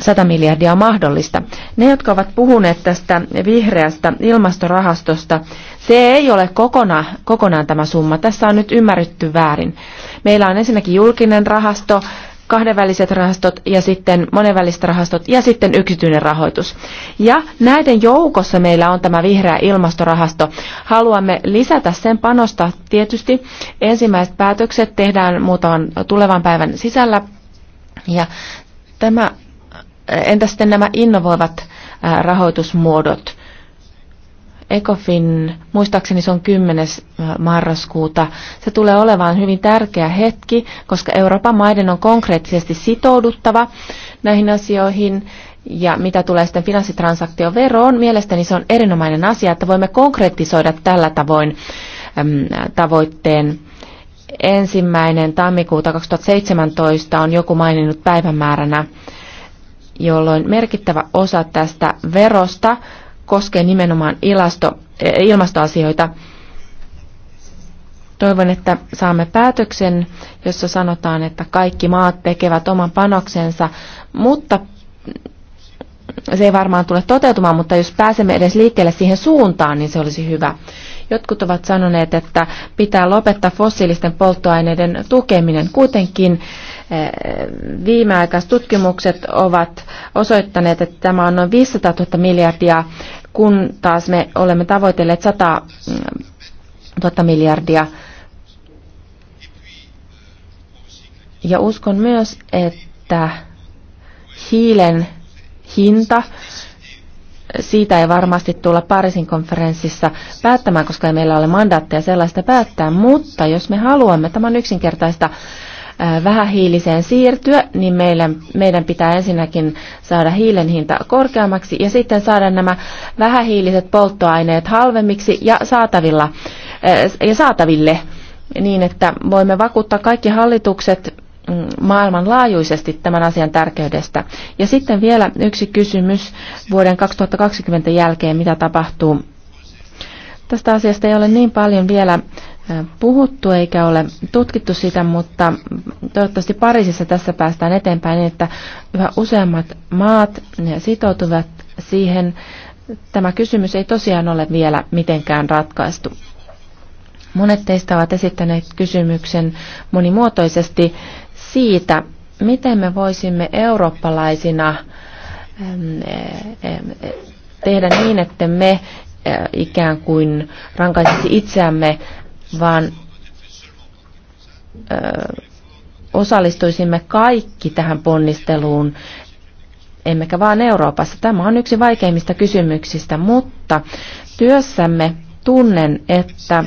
100 miljardia on mahdollista. Ne, jotka ovat puhuneet tästä vihreästä ilmastorahastosta, se ei ole kokona, kokonaan tämä summa. Tässä on nyt ymmärretty väärin. Meillä on ensinnäkin julkinen rahasto, kahdenväliset rahastot ja sitten monenväliset rahastot ja sitten yksityinen rahoitus. Ja näiden joukossa meillä on tämä vihreä ilmastorahasto. Haluamme lisätä sen panosta tietysti. Ensimmäiset päätökset tehdään muutaman tulevan päivän sisällä. Ja tämä, entä sitten nämä innovoivat rahoitusmuodot? ECOFIN, muistaakseni se on 10. marraskuuta, se tulee olemaan hyvin tärkeä hetki, koska Euroopan maiden on konkreettisesti sitouduttava näihin asioihin. Ja mitä tulee sitten finanssitransaktioveroon, mielestäni se on erinomainen asia, että voimme konkretisoida tällä tavoin äm, tavoitteen. Ensimmäinen tammikuuta 2017 on joku maininnut päivämääränä jolloin merkittävä osa tästä verosta koskee nimenomaan ilasto, eh, ilmastoasioita. Toivon, että saamme päätöksen, jossa sanotaan, että kaikki maat tekevät oman panoksensa, mutta se ei varmaan tule toteutumaan, mutta jos pääsemme edes liikkeelle siihen suuntaan, niin se olisi hyvä. Jotkut ovat sanoneet, että pitää lopettaa fossiilisten polttoaineiden tukeminen. Kuitenkin eh, viimeaikaiset tutkimukset ovat osoittaneet, että tämä on noin 500 000 miljardia kun taas me olemme tavoitelleet 100 000 mm, miljardia. Ja uskon myös, että hiilen hinta, siitä ei varmasti tulla Pariisin konferenssissa päättämään, koska ei meillä ole mandaatteja sellaista päättää, mutta jos me haluamme, tämä on yksinkertaista, vähähiiliseen siirtyä, niin meidän meidän pitää ensinnäkin saada hiilen hinta korkeammaksi ja sitten saada nämä vähähiiliset polttoaineet halvemmiksi ja, saatavilla, ja saataville niin, että voimme vakuuttaa kaikki hallitukset mm, maailmanlaajuisesti tämän asian tärkeydestä. Ja sitten vielä yksi kysymys vuoden 2020 jälkeen, mitä tapahtuu. Tästä asiasta ei ole niin paljon vielä puhuttu eikä ole tutkittu sitä, mutta toivottavasti Pariisissa tässä päästään eteenpäin niin, että yhä useammat maat sitoutuvat siihen. Tämä kysymys ei tosiaan ole vielä mitenkään ratkaistu. Monet teistä ovat esittäneet kysymyksen monimuotoisesti siitä, miten me voisimme eurooppalaisina tehdä niin, että me ikään kuin rankaisisi itseämme vaan ö, osallistuisimme kaikki tähän ponnisteluun, emmekä vain Euroopassa. Tämä on yksi vaikeimmista kysymyksistä, mutta työssämme tunnen, että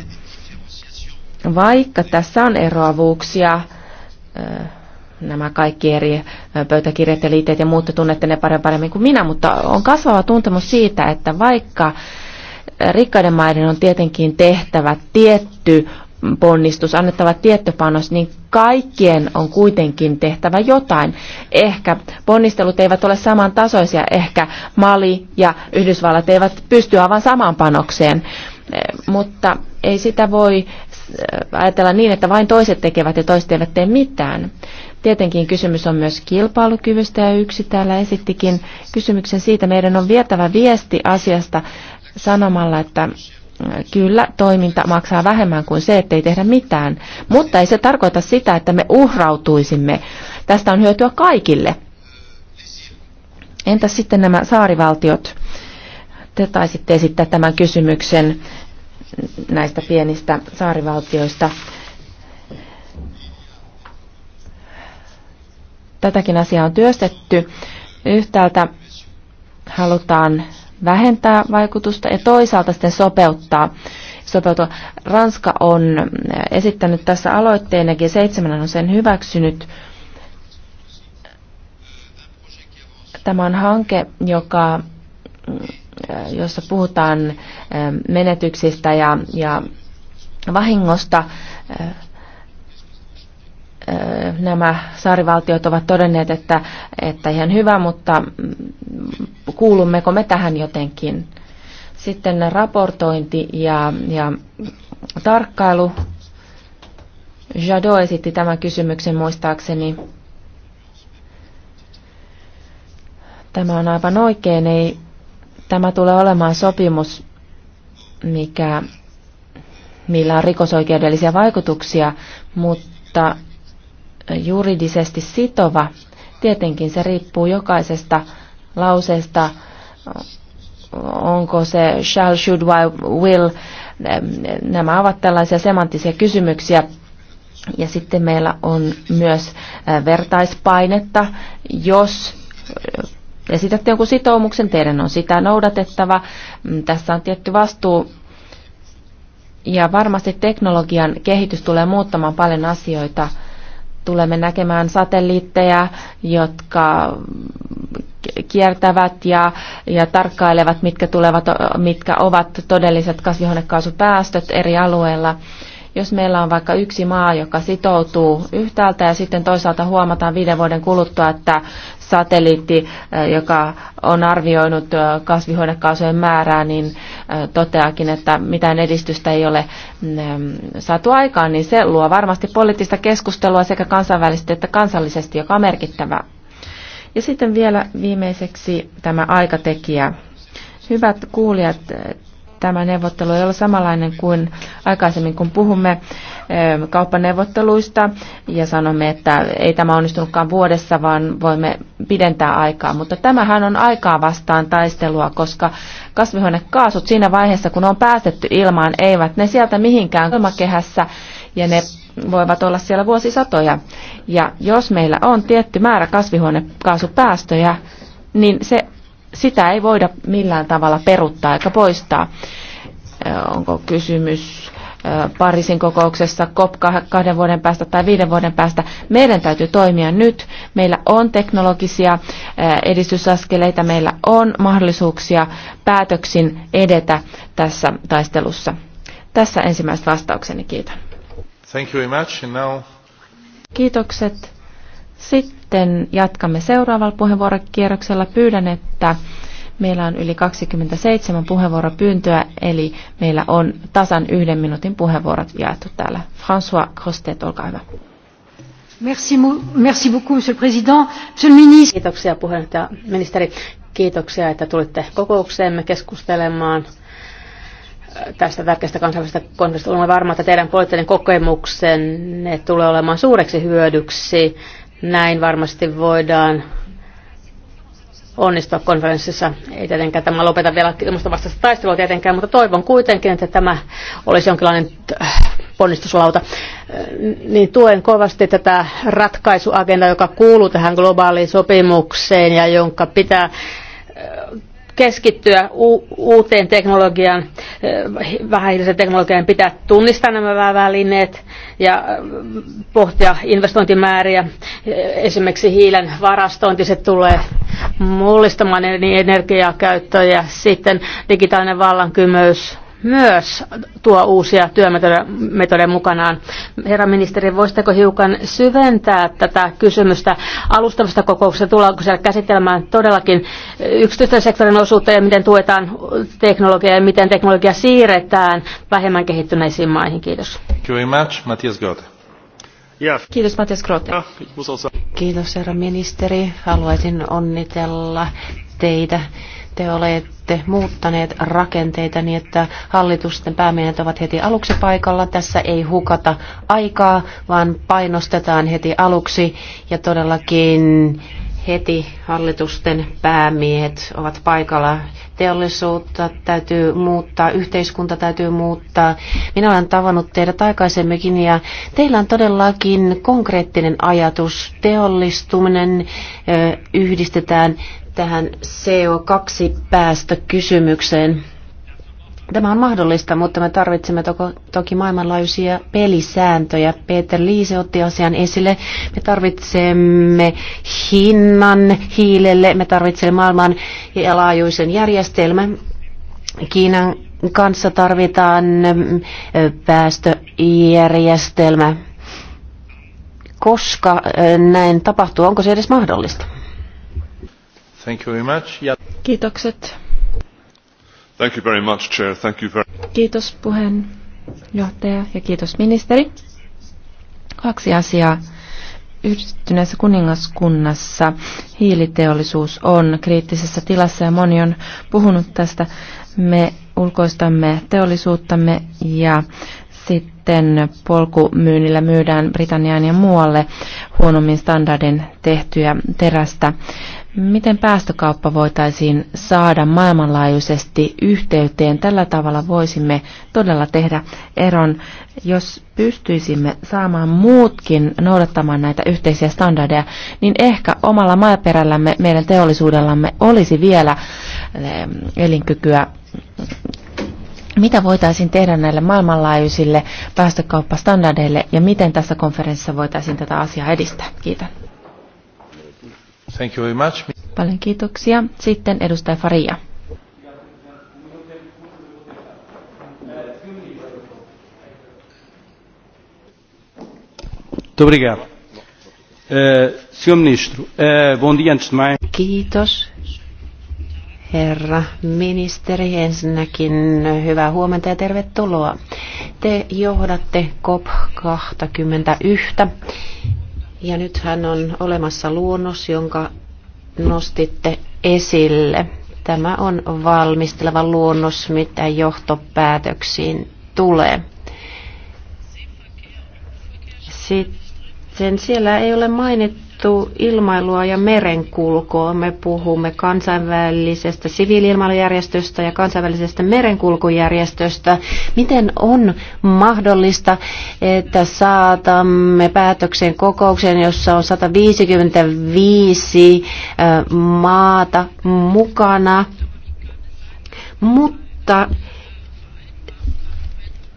vaikka tässä on eroavuuksia, nämä kaikki eri pöytäkirjat ja liitteet ja muut, tunnette ne paremmin kuin minä, mutta on kasvava tuntemus siitä, että vaikka rikkaiden maiden on tietenkin tehtävä tietty ponnistus, annettava panos, niin kaikkien on kuitenkin tehtävä jotain. Ehkä ponnistelut eivät ole samantasoisia, ehkä Mali ja Yhdysvallat eivät pysty aivan samaan panokseen, eh, mutta ei sitä voi eh, ajatella niin, että vain toiset tekevät ja toiset eivät tee mitään. Tietenkin kysymys on myös kilpailukyvystä ja yksi täällä esittikin kysymyksen siitä. Meidän on vietävä viesti asiasta sanomalla, että mm, kyllä toiminta maksaa vähemmän kuin se, ettei tehdä mitään, mutta ei se tarkoita sitä, että me uhrautuisimme. Tästä on hyötyä kaikille. Entä sitten nämä saarivaltiot? Te taisitte esittää tämän kysymyksen näistä pienistä saarivaltioista. Tätäkin asiaa on työstetty. Yhtäältä halutaan vähentää vaikutusta ja toisaalta sitten sopeuttaa. Sopeutua. Ranska on äh, esittänyt tässä aloitteen ja G7 on sen hyväksynyt. Tämä on hanke, joka, äh, jossa puhutaan äh, menetyksistä ja, ja vahingosta nämä saarivaltiot ovat todenneet, että, että ihan hyvä, mutta kuulummeko me tähän jotenkin? Sitten raportointi ja, ja tarkkailu. Jadot esitti tämän kysymyksen muistaakseni. Tämä on aivan oikein. Ei, tämä tulee olemaan sopimus, mikä, millä on rikosoikeudellisia vaikutuksia, mutta juridisesti sitova. Tietenkin se riippuu jokaisesta lauseesta, onko se shall, should, why, will. Nämä ovat tällaisia semanttisia kysymyksiä. Ja sitten meillä on myös vertaispainetta, jos esitätte jonkun sitoumuksen, teidän on sitä noudatettava. Mm, tässä on tietty vastuu ja varmasti teknologian kehitys tulee muuttamaan paljon asioita – tulemme näkemään satelliitteja, jotka kiertävät ja, ja tarkkailevat, mitkä, tulevat, mitkä ovat todelliset kasvihuonekaasupäästöt eri alueilla. Jos meillä on vaikka yksi maa, joka sitoutuu yhtäältä ja sitten toisaalta huomataan viiden vuoden kuluttua, että satelliitti, joka on arvioinut kasvihuonekaasujen määrää, niin toteakin, että mitään edistystä ei ole mm, saatu aikaan, niin se luo varmasti poliittista keskustelua sekä kansainvälisesti että kansallisesti, joka on merkittävä. Ja sitten vielä viimeiseksi tämä aikatekijä. Hyvät kuulijat, tämä neuvottelu ei ole samanlainen kuin aikaisemmin, kun puhumme eh, kauppaneuvotteluista ja sanomme, että ei tämä onnistunutkaan vuodessa, vaan voimme pidentää aikaa. Mutta tämähän on aikaa vastaan taistelua, koska kasvihuonekaasut siinä vaiheessa, kun on päästetty ilmaan, eivät ne sieltä mihinkään ilmakehässä ja ne voivat olla siellä vuosisatoja. Ja jos meillä on tietty määrä kasvihuonekaasupäästöjä, niin se sitä ei voida millään tavalla peruttaa eikä poistaa. Onko kysymys Pariisin kokouksessa COP kahden vuoden päästä tai viiden vuoden päästä. Meidän täytyy toimia nyt. Meillä on teknologisia edistysaskeleita, meillä on mahdollisuuksia päätöksin edetä tässä taistelussa. Tässä ensimmäiset vastaukseni. Kiitän. Thank you very much. And now... Kiitokset. Sitten jatkamme seuraavalla puheenvuorokierroksella. Pyydän, että meillä on yli 27 puheenvuoropyyntöä, eli meillä on tasan yhden minuutin puheenvuorot jaettu täällä. François Costet olkaa hyvä. Merci, merci beaucoup, monsieur le président. Monsieur le ministre. Kiitoksia puheenjohtaja ministeri. Kiitoksia, että tulitte kokoukseemme keskustelemaan tästä tärkeästä kansainvälisestä konfliktista. Olen varma, että teidän poliittinen kokemuksenne tulee olemaan suureksi hyödyksi näin varmasti voidaan onnistua konferenssissa. Ei tietenkään tämä lopeta vielä ilmastonvastaista taistelua tietenkään, mutta toivon kuitenkin, että tämä olisi jonkinlainen äh, ponnistuslauta. Äh, niin tuen kovasti tätä ratkaisuagendaa, joka kuuluu tähän globaaliin sopimukseen ja jonka pitää äh, keskittyä uuteen teknologiaan, eh, vähähiiliseen teknologiaan pitää tunnistaa nämä välineet ja mm, pohtia investointimääriä. Eh, esimerkiksi hiilen varastointi, se tulee mullistamaan energiakäyttöä ja sitten digitaalinen vallankymmöys myös tuo uusia työmetodeja mukanaan. Herra ministeri, voisitteko hiukan syventää tätä kysymystä alustavasta kokouksesta? Tullaanko siellä käsittelemään todellakin yksityisten sektorin osuutta ja miten tuetaan teknologiaa ja miten teknologia siirretään vähemmän kehittyneisiin maihin? Kiitos. Kiitos Matias Grote. Ah, Kiitos herra ministeri. Haluaisin onnitella teitä te olette muuttaneet rakenteita niin, että hallitusten päämiehet ovat heti aluksi paikalla. Tässä ei hukata aikaa, vaan painostetaan heti aluksi ja todellakin heti hallitusten päämiehet ovat paikalla. Teollisuutta täytyy muuttaa, yhteiskunta täytyy muuttaa. Minä olen tavannut teidät aikaisemminkin ja teillä on todellakin konkreettinen ajatus. Teollistuminen yhdistetään tähän CO2-päästökysymykseen. Tämä on mahdollista, mutta me tarvitsemme toko, toki maailmanlaajuisia pelisääntöjä. Peter Liise otti asian esille. Me tarvitsemme hinnan hiilelle, me tarvitsemme maailman laajuisen järjestelmän. Kiinan kanssa tarvitaan päästöjärjestelmä. Koska näin tapahtuu, onko se edes mahdollista? Kiitokset. Thank you very much, Chair. Thank you very... Kiitos puheenjohtaja ja kiitos ministeri. Kaksi asiaa. Yhdistyneessä kuningaskunnassa hiiliteollisuus on kriittisessä tilassa ja moni on puhunut tästä. Me ulkoistamme teollisuuttamme ja sitten polkumyynnillä myydään Britanniaan ja muualle huonommin standardin tehtyä terästä. Miten päästökauppa voitaisiin saada maailmanlaajuisesti yhteyteen? Tällä tavalla voisimme todella tehdä eron, jos pystyisimme saamaan muutkin noudattamaan näitä yhteisiä standardeja, niin ehkä omalla maaperällämme, meidän teollisuudellamme olisi vielä eh, elinkykyä mitä voitaisiin tehdä näille maailmanlaajuisille päästökauppastandardeille ja miten tässä konferenssissa voitaisiin tätä asiaa edistää? Kiitän. Thank you very much. Paljon kiitoksia. Sitten edustaja Faria. Eh, eh, Kiitos. Herra ministeri, ensinnäkin hyvää huomenta ja tervetuloa. Te johdatte COP21 ja nythän on olemassa luonnos, jonka nostitte esille. Tämä on valmisteleva luonnos, mitä johtopäätöksiin tulee. Sitten siellä ei ole mainittu kohdistuu ilmailua ja merenkulkua. Me puhumme kansainvälisestä siviiliilmailujärjestöstä ja kansainvälisestä merenkulkujärjestöstä. Miten on mahdollista, että saatamme päätöksen kokouksen, jossa on 155 maata mukana, mutta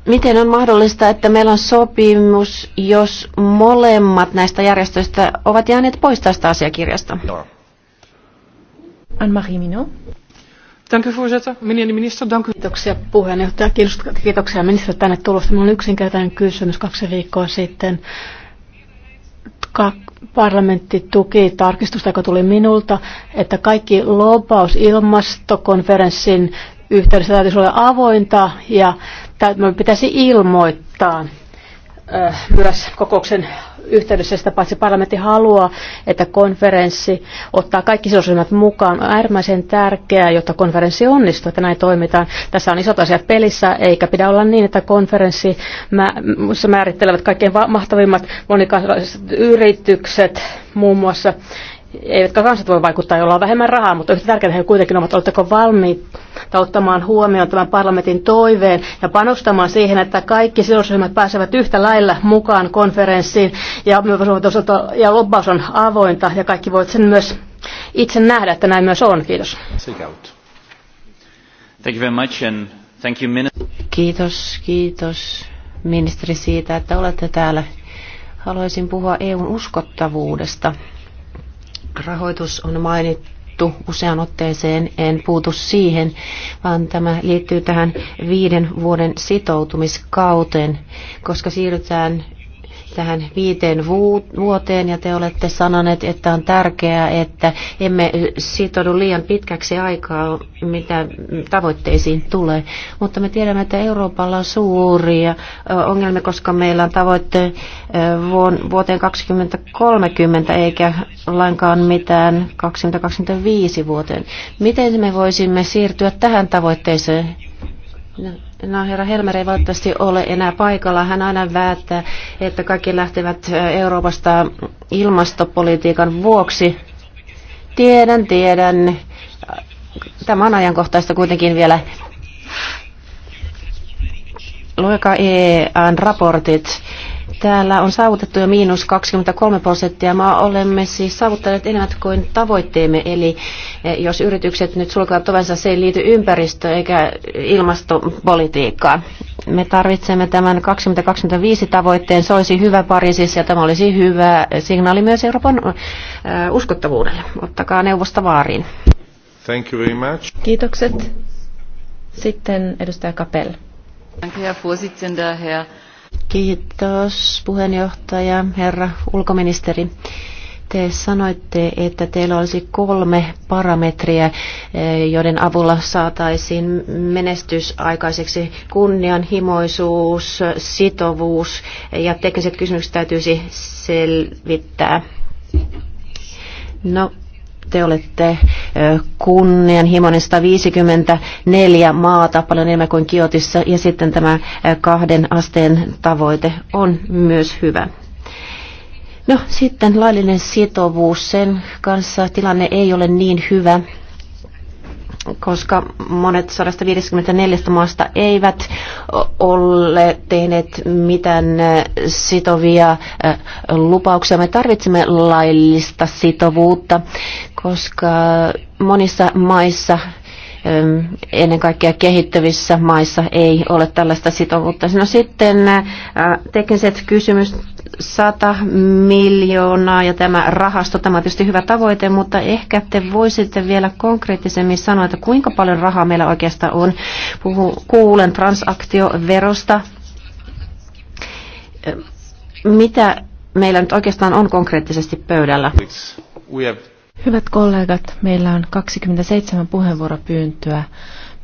Miten on mahdollista, että meillä on sopimus, jos molemmat näistä järjestöistä ovat jääneet pois tästä asiakirjasta? Anne-Marie Minot. Dank u voorzitter. Meneer de minister, dank u. Kiitoksia puheenjohtaja. Kiitoksia ministeri tänne tulosta. Minulla on yksinkertainen kysymys kaksi viikkoa sitten. Parlamentti tuki tarkistusta, joka tuli minulta, että kaikki lobaus ilmastokonferenssin yhteydessä täytyisi olla avointa ja tämä pitäisi ilmoittaa myös kokouksen yhteydessä sitä paitsi parlamentti haluaa, että konferenssi ottaa kaikki sidosryhmät mukaan. On äärimmäisen tärkeää, jotta konferenssi onnistuu, että näin toimitaan. Tässä on isot asiat pelissä, eikä pidä olla niin, että konferenssi määrittelevät kaikkein mahtavimmat monikansalliset yritykset muun muassa, eivätkä kansat voi vaikuttaa, jolla on vähemmän rahaa, mutta yhtä tärkeää he kuitenkin ovat, oletteko valmiit ottamaan huomioon tämän parlamentin toiveen ja panostamaan siihen, että kaikki sidosryhmät pääsevät yhtä lailla mukaan konferenssiin ja, ja lobbaus on avointa ja kaikki voivat sen myös itse nähdä, että näin myös on. Kiitos. Thank you very much and thank you kiitos, kiitos ministeri siitä, että olette täällä. Haluaisin puhua EUn uskottavuudesta. Rahoitus on mainittu usean otteeseen, en puutu siihen, vaan tämä liittyy tähän viiden vuoden sitoutumiskauteen, koska siirrytään tähän viiteen vuoteen ja te olette sanoneet, että on tärkeää, että emme sitoudu liian pitkäksi aikaa, mitä tavoitteisiin tulee. Mutta me tiedämme, että Euroopalla on suuria ongelmia, koska meillä on tavoitte vuoteen 2030 eikä lainkaan mitään 2025 vuoteen. Miten me voisimme siirtyä tähän tavoitteeseen? No, No herra Helmer ei valitettavasti ole enää paikalla. Hän aina väittää, että kaikki lähtevät Euroopasta ilmastopolitiikan vuoksi. Tiedän, tiedän. Tämä on ajankohtaista kuitenkin vielä. Luekaa EAN raportit Täällä on saavutettu jo miinus 23 prosenttia. Mä olemme siis saavuttaneet enemmän kuin tavoitteemme, eli eh, jos yritykset nyt sulkevat ovensa, se ei liity ympäristö- eikä ilmastopolitiikkaan. Me tarvitsemme tämän 2025 tavoitteen. Se olisi hyvä Pariisissa ja tämä olisi hyvä signaali myös Euroopan eh, uskottavuudelle. Ottakaa neuvosta vaariin. Thank you very much. Kiitokset. Sitten edustaja Kapel. Danke, Herr Vorsitzender, Herr Kiitos puheenjohtaja, herra ulkoministeri. Te sanoitte, että teillä olisi kolme parametriä, eh, joiden avulla saataisiin menestys aikaiseksi. Kunnianhimoisuus, sitovuus ja tekniset kysymykset täytyisi selvittää. No, te olette kunnianhimoinen 154 maata, paljon enemmän kuin Kiotissa, ja sitten tämä kahden asteen tavoite on myös hyvä. No sitten laillinen sitovuus, sen kanssa tilanne ei ole niin hyvä koska monet 154 maasta eivät ole tehneet mitään sitovia lupauksia. Me tarvitsemme laillista sitovuutta, koska monissa maissa ennen kaikkea kehittävissä maissa ei ole tällaista sitovuutta. No sitten tekniset kysymys 100 miljoonaa ja tämä rahasto, tämä on tietysti hyvä tavoite, mutta ehkä te voisitte vielä konkreettisemmin sanoa, että kuinka paljon rahaa meillä oikeastaan on. Puhu, kuulen transaktioverosta. Mitä meillä nyt oikeastaan on konkreettisesti pöydällä? We have Hyvät kollegat, meillä on 27 puheenvuoropyyntöä.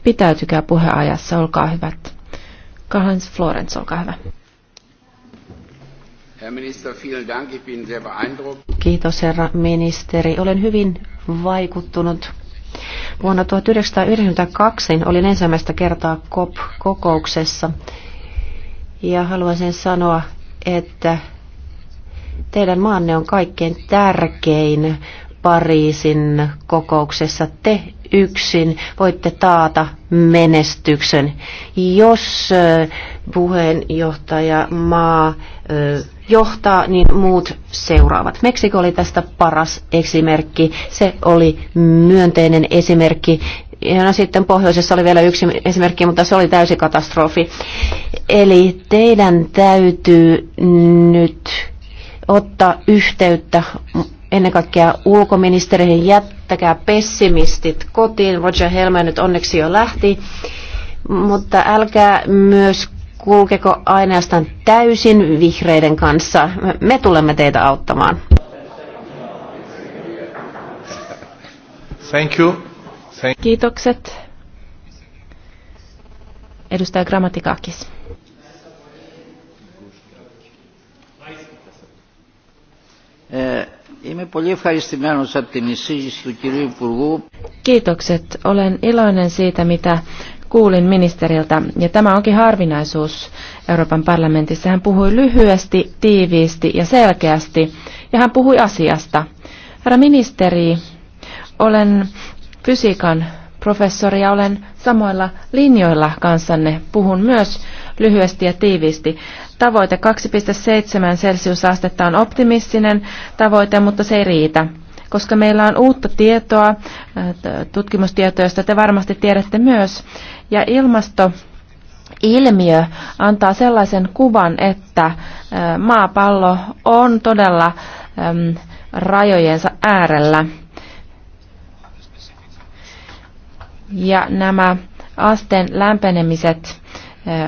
Pitäytykää puheajassa, olkaa hyvät. Karl-Heinz Florenz, olkaa hyvä. Kiitos herra ministeri. Olen hyvin vaikuttunut. Vuonna 1992 olin ensimmäistä kertaa COP-kokouksessa ja haluaisin sanoa, että teidän maanne on kaikkein tärkein Pariisin kokouksessa te yksin voitte taata menestyksen, jos puheenjohtaja maa johtaa, niin muut seuraavat. Meksiko oli tästä paras esimerkki. Se oli myönteinen esimerkki. Ja sitten pohjoisessa oli vielä yksi esimerkki, mutta se oli täysi katastrofi. Eli teidän täytyy nyt ottaa yhteyttä ennen kaikkea ulkoministeriin, jättäkää pessimistit kotiin. Roger Helmer nyt onneksi jo lähti, mutta älkää myös kulkeko ainoastaan täysin vihreiden kanssa. Me tulemme teitä auttamaan. Thank you. Thank Kiitokset. Edustaja Grammatikakis. Eh, Είμαι πολύ ευχαριστημένος από την εισήγηση του κυρίου Υπουργού. Kiitokset. Olen iloinen siitä, mitä kuulin ministeriltä. Ja tämä onkin harvinaisuus Euroopan parlamentissa. Hän puhui lyhyesti, tiiviisti ja selkeästi. Ja hän puhui asiasta. Herra ministeri, olen fysiikan professori ja olen samoilla linjoilla kanssanne. Puhun myös lyhyesti ja tiiviisti. Tavoite 2,7 celsiusastetta on optimistinen tavoite, mutta se ei riitä koska meillä on uutta tietoa, äh, tutkimustietoa, josta te varmasti tiedätte myös. Ja ilmasto ilmiö antaa sellaisen kuvan, että äh, maapallo on todella rajojensa äärellä. Ja nämä asteen lämpenemiset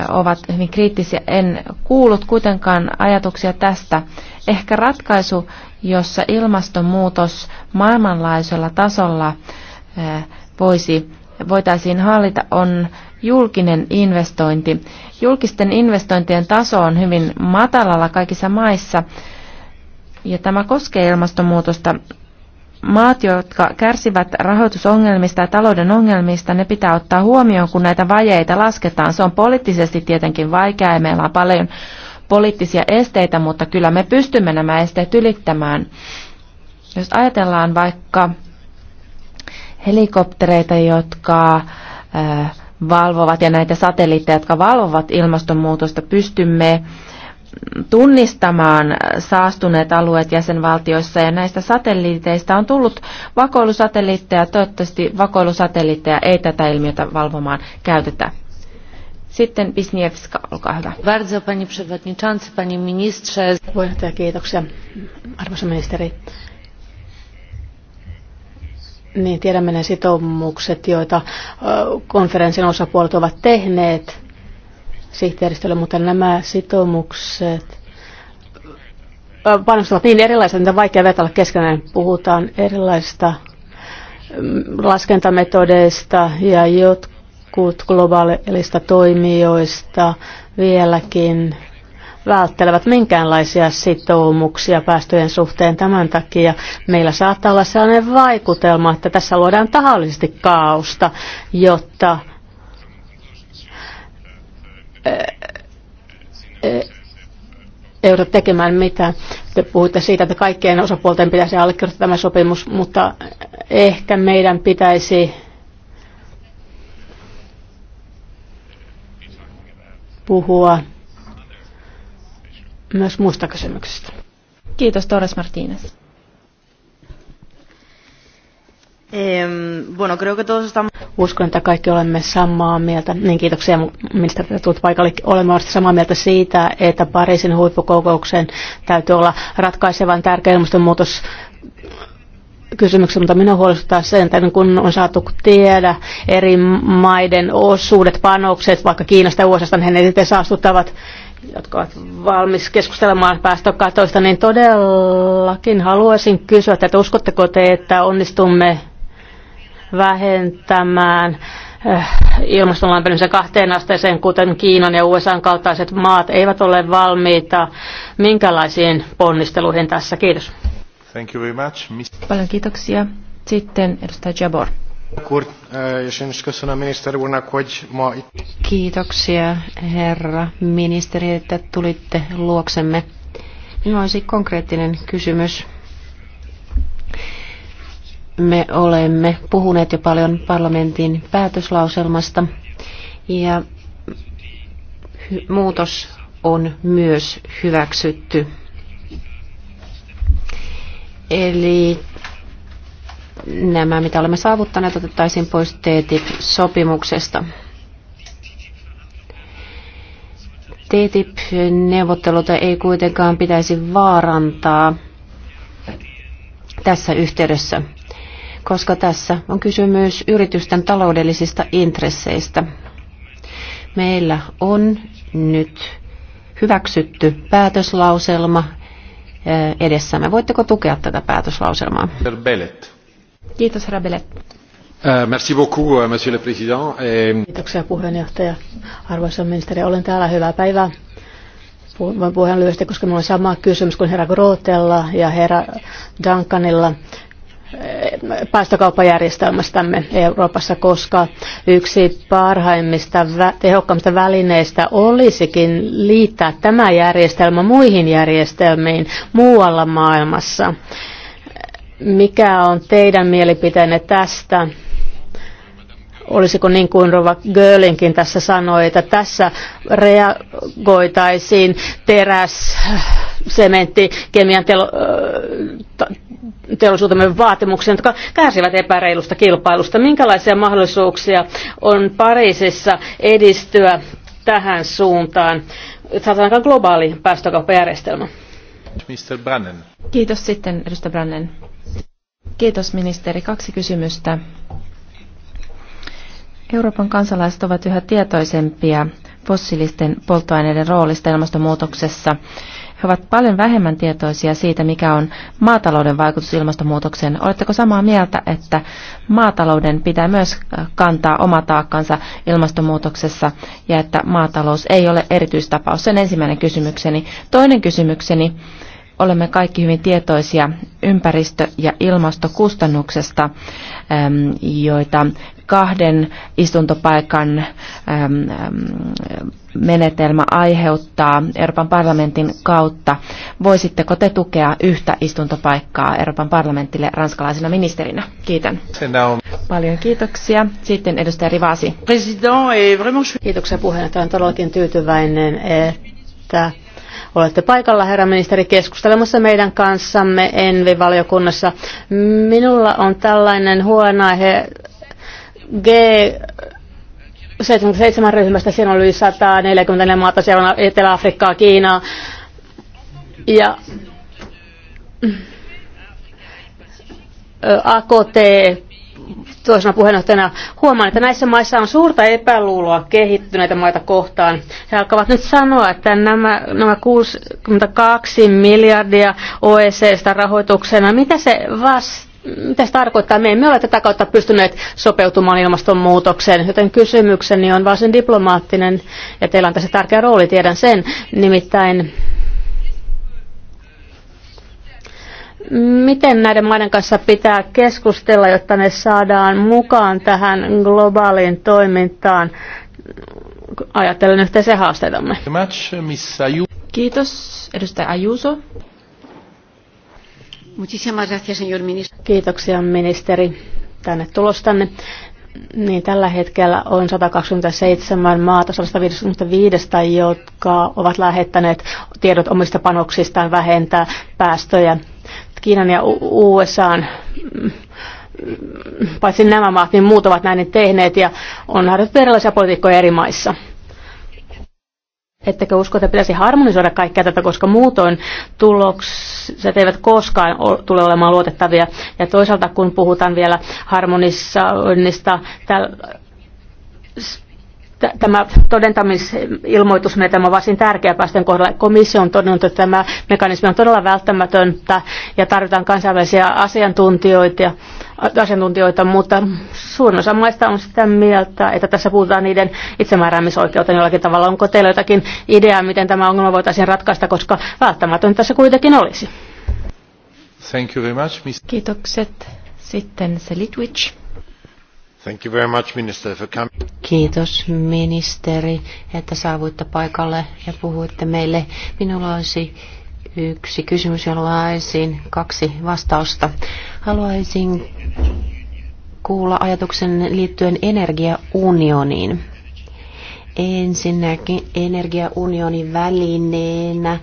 ovat hyvin kriittisiä. En kuullut kuitenkaan ajatuksia tästä. Ehkä ratkaisu, jossa ilmastonmuutos maailmanlaajuisella tasolla voisi, voitaisiin hallita, on julkinen investointi. Julkisten investointien taso on hyvin matalalla kaikissa maissa, ja tämä koskee ilmastonmuutosta maat, jotka kärsivät rahoitusongelmista ja talouden ongelmista, ne pitää ottaa huomioon, kun näitä vajeita lasketaan. Se on poliittisesti tietenkin vaikeaa ja meillä on paljon poliittisia esteitä, mutta kyllä me pystymme nämä esteet ylittämään. Jos ajatellaan vaikka helikoptereita, jotka äh, valvovat ja näitä satelliitteja, jotka valvovat ilmastonmuutosta, pystymme äh, tunnistamaan saastuneet alueet jäsenvaltioissa ja näistä satelliiteista on tullut vakoilusatelliitteja. Toivottavasti vakoilusatelliitteja ei tätä ilmiötä valvomaan käytetä. Sitten Bisniewska, olkaa hyvä. Bardzo, pani przewodniczący, pani ministrze. Puheenjohtaja, kiitoksia. Arvoisa ministeri. Niin, tiedämme ne sitoumukset, joita konferenssin osapuolet ovat tehneet sihteeristölle, mutta nämä sitoumukset panostavat niin erilaisia, että vaikea vetää keskenään. Puhutaan erilaisista mm, laskentametodeista ja jotkut globaalista toimijoista vieläkin välttelevät minkäänlaisia sitoumuksia päästöjen suhteen tämän takia. Meillä saattaa olla sellainen vaikutelma, että tässä luodaan tahallisesti kaaosta, jotta ei jouduta tekemään mitään. Te puhutte siitä, että kaikkien osapuolten pitäisi allekirjoittaa tämä sopimus, mutta ehkä meidän pitäisi puhua myös muista kysymyksistä. Kiitos Torres Martínez. Bueno, creo que todos estamos... Uskon, että kaikki olemme samaa mieltä. Niin, kiitoksia ministeri, että tulet paikalle. Olemme varmasti samaa mieltä siitä, että Pariisin huippukokouksen täytyy olla ratkaisevan tärkeä ilmastonmuutos kysymyksen, mutta minua huolestuttaa sen että kun on saatu tiedä eri maiden osuudet, panokset, vaikka Kiinasta ja USAsta, niin he ne sitten saastuttavat jotka ovat valmis keskustelemaan päästökatoista, niin todellakin haluaisin kysyä, että uskotteko te, että onnistumme vähentämään eh, ilmaston lämpenemisen kahteen asteeseen, kuten Kiinan ja USAn kaltaiset maat eivät ole valmiita. Minkälaisiin ponnisteluihin tässä? Kiitos. Thank you very much. Paljon kiitoksia. Sitten edustaja Jabor. Eh, kiitoksia herra ministeri, että tulitte luoksemme. Minulla olisi konkreettinen kysymys me olemme puhuneet jo paljon parlamentin päätöslauselmasta ja muutos on myös hyväksytty. Eli nämä, mitä olemme saavuttaneet, otettaisiin pois TTIP-sopimuksesta. TTIP-neuvotteluta ei kuitenkaan pitäisi vaarantaa tässä yhteydessä koska tässä on kysymys yritysten taloudellisista intresseistä. Meillä on nyt hyväksytty päätöslauselma eh, edessämme. Voitteko tukea tätä päätöslauselmaa? Kiitos, herra Bellet. Eh, merci beaucoup, eh, monsieur le président. Kiitoksia puheenjohtaja. Arvoisa ministeri, olen täällä. Hyvää päivää. Voin puheen lyhyesti, koska minulla on sama kysymys kuin herra Grootella ja herra Duncanilla päästökauppajärjestelmästämme Euroopassa, koska yksi parhaimmista tehokkaimmista välineistä olisikin liittää tämä järjestelmä muihin järjestelmiin muualla maailmassa. Mikä on teidän mielipiteenne tästä? olisiko niin kuin Rova Gölinkin tässä sanoi, että tässä reagoitaisiin teräs, sementti, kemian telo, teollisuutemme vaatimuksia, jotka kärsivät epäreilusta kilpailusta. Minkälaisia mahdollisuuksia on Pariisissa edistyä tähän suuntaan? Saataankaan globaali päästökauppajärjestelmä. Mr. Brannen. Kiitos sitten, edustaja Brannen. Kiitos ministeri. Kaksi kysymystä. Euroopan kansalaiset ovat yhä tietoisempia fossiilisten polttoaineiden roolista ilmastonmuutoksessa he ovat paljon vähemmän tietoisia siitä, mikä on maatalouden vaikutus ilmastonmuutokseen. Oletteko samaa mieltä, että maatalouden pitää myös kantaa oma taakkansa ilmastonmuutoksessa ja että maatalous ei ole erityistapaus? Sen ensimmäinen kysymykseni. Toinen kysymykseni Olemme kaikki hyvin tietoisia ympäristö- ja ilmastokustannuksesta, joita kahden istuntopaikan menetelmä aiheuttaa Euroopan parlamentin kautta. Voisitteko te tukea yhtä istuntopaikkaa Euroopan parlamentille ranskalaisena ministerinä? Kiitän. Paljon kiitoksia. Sitten edustaja Rivasi. Kiitoksia puheenjohtaja. Olen todellakin tyytyväinen, että Olette paikalla, herra ministeri, keskustelemassa meidän kanssamme Envi-valiokunnassa. Minulla on tällainen huonaihe G 77 ryhmästä, siinä oli 144 maata, siellä on Etelä-Afrikkaa, Kiinaa. Ja AKT toisena puheenjohtajana huomaan, että näissä maissa on suurta epäluuloa kehittyneitä maita kohtaan. He alkavat nyt sanoa, että nämä, nämä 62 miljardia OECstä rahoituksena, mitä se vastaa? Mitä se tarkoittaa? Me emme ole tätä kautta pystyneet sopeutumaan ilmastonmuutokseen, joten kysymykseni on varsin diplomaattinen ja teillä on tässä tärkeä rooli, tiedän sen. Nimittäin Miten näiden maiden kanssa pitää keskustella, jotta ne saadaan mukaan tähän globaaliin toimintaan? Ajattelen yhteisiä haasteitamme. Kiitos, edustaja Ajuso. Kiitoksia ministeri tänne tulostanne. Niin, tällä hetkellä on 127 maata 155, jotka ovat lähettäneet tiedot omista panoksistaan vähentää päästöjä Kiinan ja USAn mm, mm, paitsi nämä maat, niin muut ovat näin tehneet ja on harjoitettu erilaisia politiikkoja eri maissa. Ettekö usko, että pitäisi harmonisoida kaikkea tätä, koska muutoin tulokset eivät koskaan tule olemaan luotettavia. Ja toisaalta kun puhutaan vielä harmonisoinnista, täl- tämä todentamisilmoitus on varsin tärkeä päästöjen kohdalla. Komissio on todennut, että tämä mekanismi on todella välttämätöntä ja tarvitaan kansainvälisiä asiantuntijoita, asiantuntijoita mutta suurin osa maista on sitä mieltä, että tässä puhutaan niiden itsemääräämisoikeuteen jollakin tavalla. Onko teillä jotakin ideaa, miten tämä ongelma voitaisiin ratkaista, koska välttämätöntä se kuitenkin olisi? Thank you very much, Kiitokset. Sitten Selitwich. Thank you very much, minister, for coming. Kiitos ministeri, että saavuitte paikalle ja puhuitte meille. Minulla olisi yksi kysymys, jolla haluaisin kaksi vastausta. Haluaisin kuulla ajatuksen liittyen energiaunioniin. Ensinnäkin energiaunionin välineenä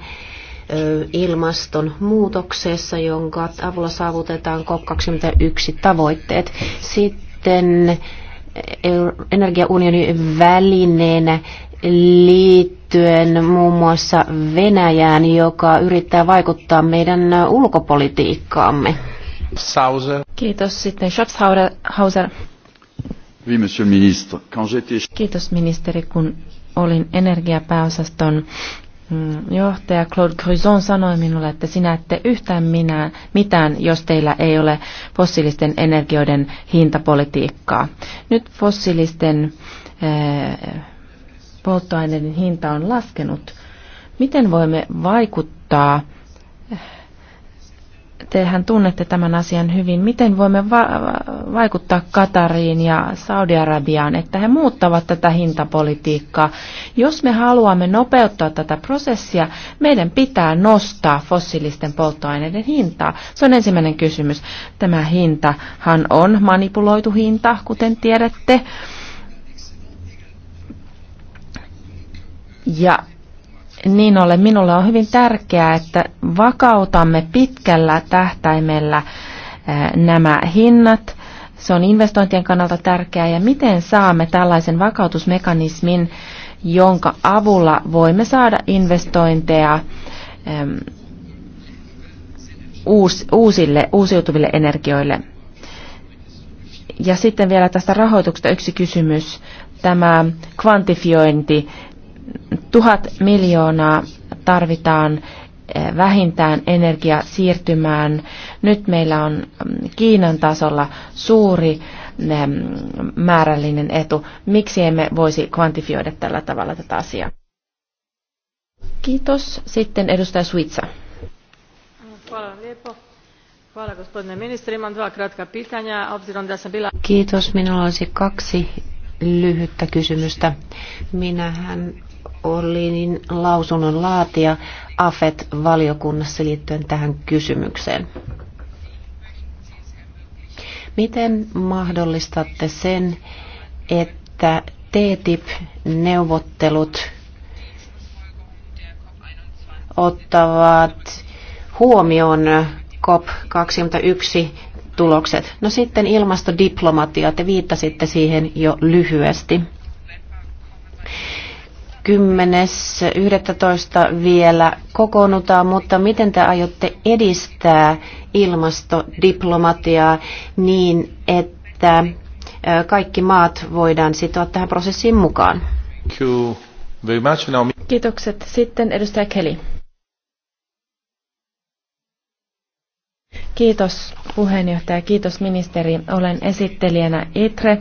ilmastonmuutoksessa, jonka avulla saavutetaan COP21 tavoitteet. Sitten sitten energiaunionin välineenä liittyen muun muassa Venäjään, joka yrittää vaikuttaa meidän ulkopolitiikkaamme. Sauser. Kiitos sitten Schatzhauser. Oui, monsieur ministre. Quand Kiitos ministeri, kun olin energiapääosaston Mm, johtaja Claude Cruzon sanoi minulle, että sinä ette yhtään minä, mitään, jos teillä ei ole fossiilisten energioiden hintapolitiikkaa. Nyt fossiilisten ää, eh, polttoaineiden hinta on laskenut. Miten voimme vaikuttaa eh, tehän tunnette tämän asian hyvin. Miten voimme va- vaikuttaa Katariin ja Saudi-Arabiaan, että he muuttavat tätä hintapolitiikkaa? Jos me haluamme nopeuttaa tätä prosessia, meidän pitää nostaa fossiilisten polttoaineiden hintaa. Se on ensimmäinen kysymys. Tämä hintahan on manipuloitu hinta, kuten tiedätte. Ja niin ole. minulle on hyvin tärkeää, että vakautamme pitkällä tähtäimellä eh, nämä hinnat. Se on investointien kannalta tärkeää ja miten saamme tällaisen vakautusmekanismin, jonka avulla voimme saada investointeja uusille, uusiutuville energioille. Ja sitten vielä tästä rahoituksesta yksi kysymys. Tämä kvantifiointi Tuhat miljoonaa tarvitaan eh, vähintään energia siirtymään. Nyt meillä on mm, Kiinan tasolla suuri mm, määrällinen etu. Miksi emme voisi kvantifioida tällä tavalla tätä asiaa? Kiitos. Sitten edustaja Suitsa. Kiitos. Minulla olisi kaksi lyhyttä kysymystä. Minähän Ollinin lausunnon laatia AFET-valiokunnassa liittyen tähän kysymykseen. Miten mahdollistatte sen, että TTIP-neuvottelut ottavat huomioon COP21 tulokset? No sitten ilmastodiplomatia, te viittasitte siihen jo lyhyesti. 10.11. vielä kokoonnutaan, mutta miten te aiotte edistää ilmastodiplomatiaa niin, että kaikki maat voidaan sitoa tähän prosessiin mukaan? Kiitokset. Sitten edustaja Kelly. Kiitos puheenjohtaja, kiitos ministeri. Olen esittelijänä ITRE,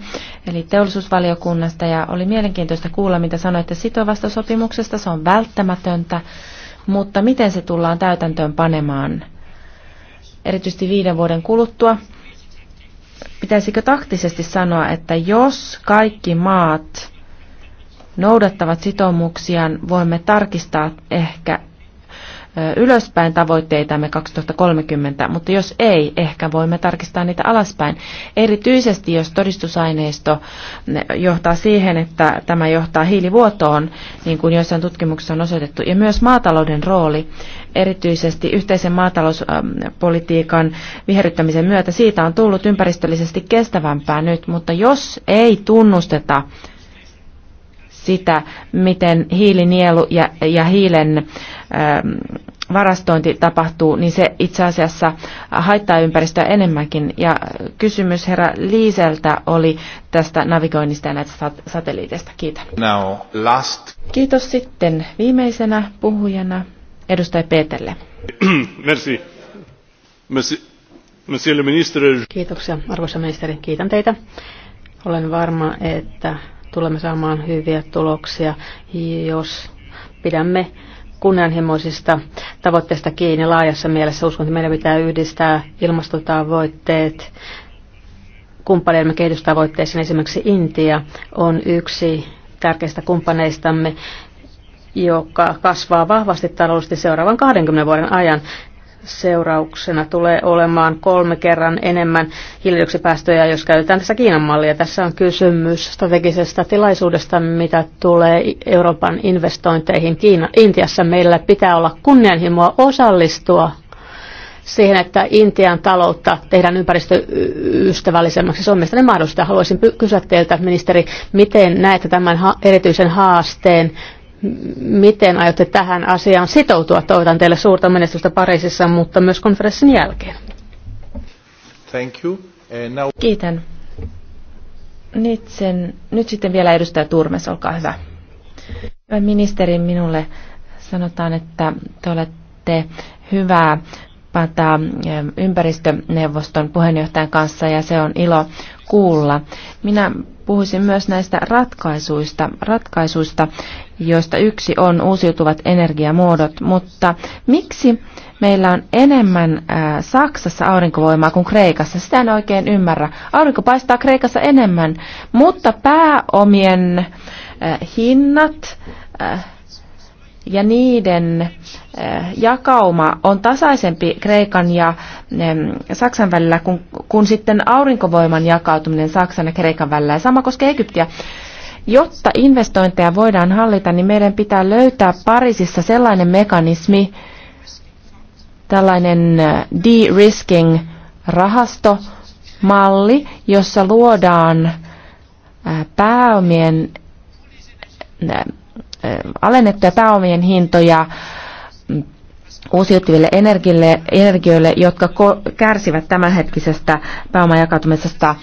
eli teollisuusvaliokunnasta, ja oli mielenkiintoista kuulla, mitä sanoitte sitovasta sopimuksesta. Se on välttämätöntä, mutta miten se tullaan täytäntöön panemaan, erityisesti viiden vuoden kuluttua? Pitäisikö taktisesti sanoa, että jos kaikki maat noudattavat sitoumuksiaan, voimme tarkistaa ehkä ylöspäin tavoitteitamme 2030, mutta jos ei, ehkä voimme tarkistaa niitä alaspäin. Erityisesti jos todistusaineisto johtaa siihen, että tämä johtaa hiilivuotoon, niin kuin joissain tutkimuksissa on osoitettu, ja myös maatalouden rooli, erityisesti yhteisen maatalouspolitiikan viherryttämisen myötä, siitä on tullut ympäristöllisesti kestävämpää nyt, mutta jos ei tunnusteta sitä, miten hiilinielu ja, ja hiilen ähm, varastointi tapahtuu, niin se itse asiassa haittaa ympäristöä enemmänkin. Ja kysymys herra Liiseltä oli tästä navigoinnista ja näistä satelliiteista. Kiitos. Now, last. Kiitos sitten viimeisenä puhujana edustaja Peterle. <clears throat> Merci. Merci. Monsieur le ministre. Kiitoksia, arvoisa ministeri. Kiitän teitä. Olen varma, että tulemme saamaan hyviä tuloksia, jos pidämme kunnianhimoisista tavoitteista kiinni laajassa mielessä. Uskon, että meidän pitää yhdistää ilmastotavoitteet kumppaneidemme kehitystavoitteisiin. Esimerkiksi Intia on yksi tärkeistä kumppaneistamme, joka kasvaa vahvasti taloudellisesti seuraavan 20 vuoden ajan seurauksena tulee olemaan kolme kerran enemmän hiilidioksipäästöjä, jos käytetään tässä Kiinan mallia. Tässä on kysymys strategisesta tilaisuudesta, mitä tulee Euroopan investointeihin Kiina, Intiassa. Meillä pitää olla kunnianhimoa osallistua siihen, että Intian taloutta tehdään ympäristöystävällisemmäksi. Se on mielestäni mahdollista. Haluaisin kysyä teiltä, ministeri, miten näette tämän ha- erityisen haasteen Miten aiotte tähän asiaan sitoutua? Toivotan teille suurta menestystä Pariisissa, mutta myös konferenssin jälkeen. Thank you. And eh, now... Kiitän. Nyt, sen, nyt sitten vielä edustaja Turmes, olkaa hyvä. Hyvä ministeri, minulle sanotaan, että te olette hyvää päättää eh, ympäristöneuvoston puheenjohtajan kanssa ja se on ilo kuulla. Minä puhuisin myös näistä ratkaisuista, ratkaisuista joista yksi on uusiutuvat energiamuodot, mutta miksi meillä on enemmän Saksassa aurinkovoimaa kuin Kreikassa? Sitä en oikein ymmärrä. Aurinko paistaa Kreikassa enemmän, mutta pääomien hinnat ja niiden eh, jakauma on tasaisempi Kreikan ja Saksan välillä kuin, kuin sitten aurinkovoiman jakautuminen Saksan ja Kreikan välillä. Ja sama koskee Egyptiä. Jotta investointeja voidaan hallita, niin meidän pitää löytää Pariisissa sellainen mekanismi, tällainen eh, de-risking-rahastomalli, jossa luodaan eh, pääomien alennettuja pääomien hintoja mm, uusiutuville energioille, jotka ko- kärsivät tämänhetkisestä pääoman jakautumisesta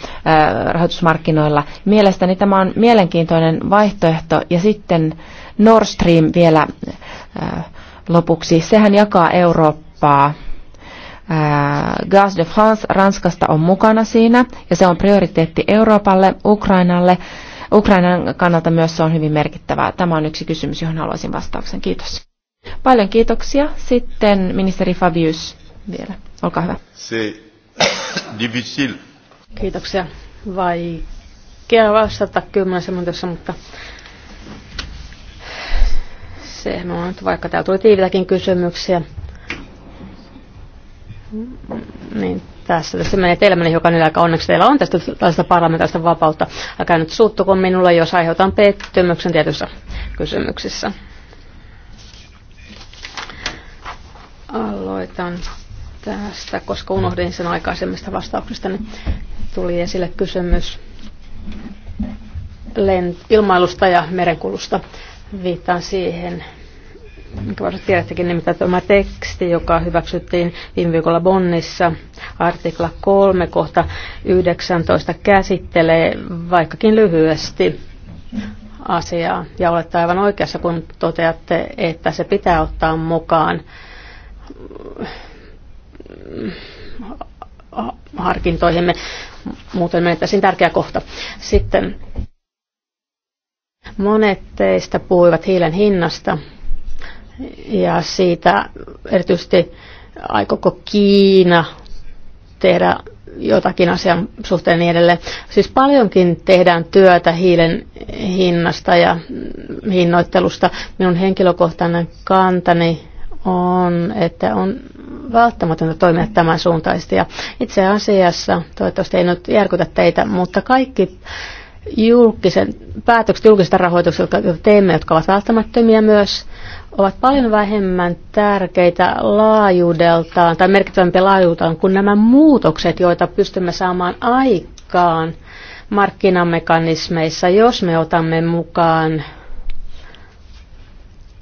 rahoitusmarkkinoilla. Mielestäni tämä on mielenkiintoinen vaihtoehto. Ja sitten Nord Stream vielä ää, lopuksi. Sehän jakaa Eurooppaa. Ää, Gaz de France Ranskasta on mukana siinä ja se on prioriteetti Euroopalle, Ukrainalle Ukrainan kannalta myös se on hyvin merkittävää. Tämä on yksi kysymys, johon haluaisin vastauksen. Kiitos. Paljon kiitoksia. Sitten ministeri Fabius vielä. Olkaa hyvä. <coughs> Kiitoksia. Vaikea vastata kymmenen minuutissa, mutta se on, vaikka täällä tuli tiivitäkin kysymyksiä, niin tässä. Tässä menee teillä menee aika onneksi. Teillä on tästä tällaista parlamentaarista vapautta. Älkää nyt suuttuko minulle, jos aiheutan pettymyksen tietyissä kysymyksissä. Aloitan tästä, koska unohdin sen aikaisemmista vastauksista, niin tuli esille kysymys ilmailusta ja merenkulusta. Viittaan siihen, niin varmasti tiedättekin nimittäin tämä teksti, joka hyväksyttiin viime viikolla Bonnissa, artikla 3, kohta 19, käsittelee vaikkakin lyhyesti asiaa. Ja olette aivan oikeassa, kun toteatte, että se pitää ottaa mukaan harkintoihimme. Muuten menettäisiin tärkeä kohta. Sitten monet teistä puhuivat hiilen hinnasta ja siitä erityisesti aikoko Kiina tehdä jotakin asian suhteen niin edelleen. Siis paljonkin tehdään työtä hiilen hinnasta ja hinnoittelusta. Minun henkilökohtainen kantani on, että on välttämätöntä toimia tämän suuntaisesti. Ja itse asiassa, toivottavasti ei nyt järkytä teitä, mutta kaikki julkisen, päätökset julkisesta rahoituksesta, jotka teemme, jotka ovat välttämättömiä myös, ovat paljon vähemmän tärkeitä laajuudeltaan tai merkittävämpiä laajuudeltaan kuin nämä muutokset, joita pystymme saamaan aikaan markkinamekanismeissa, jos me otamme mukaan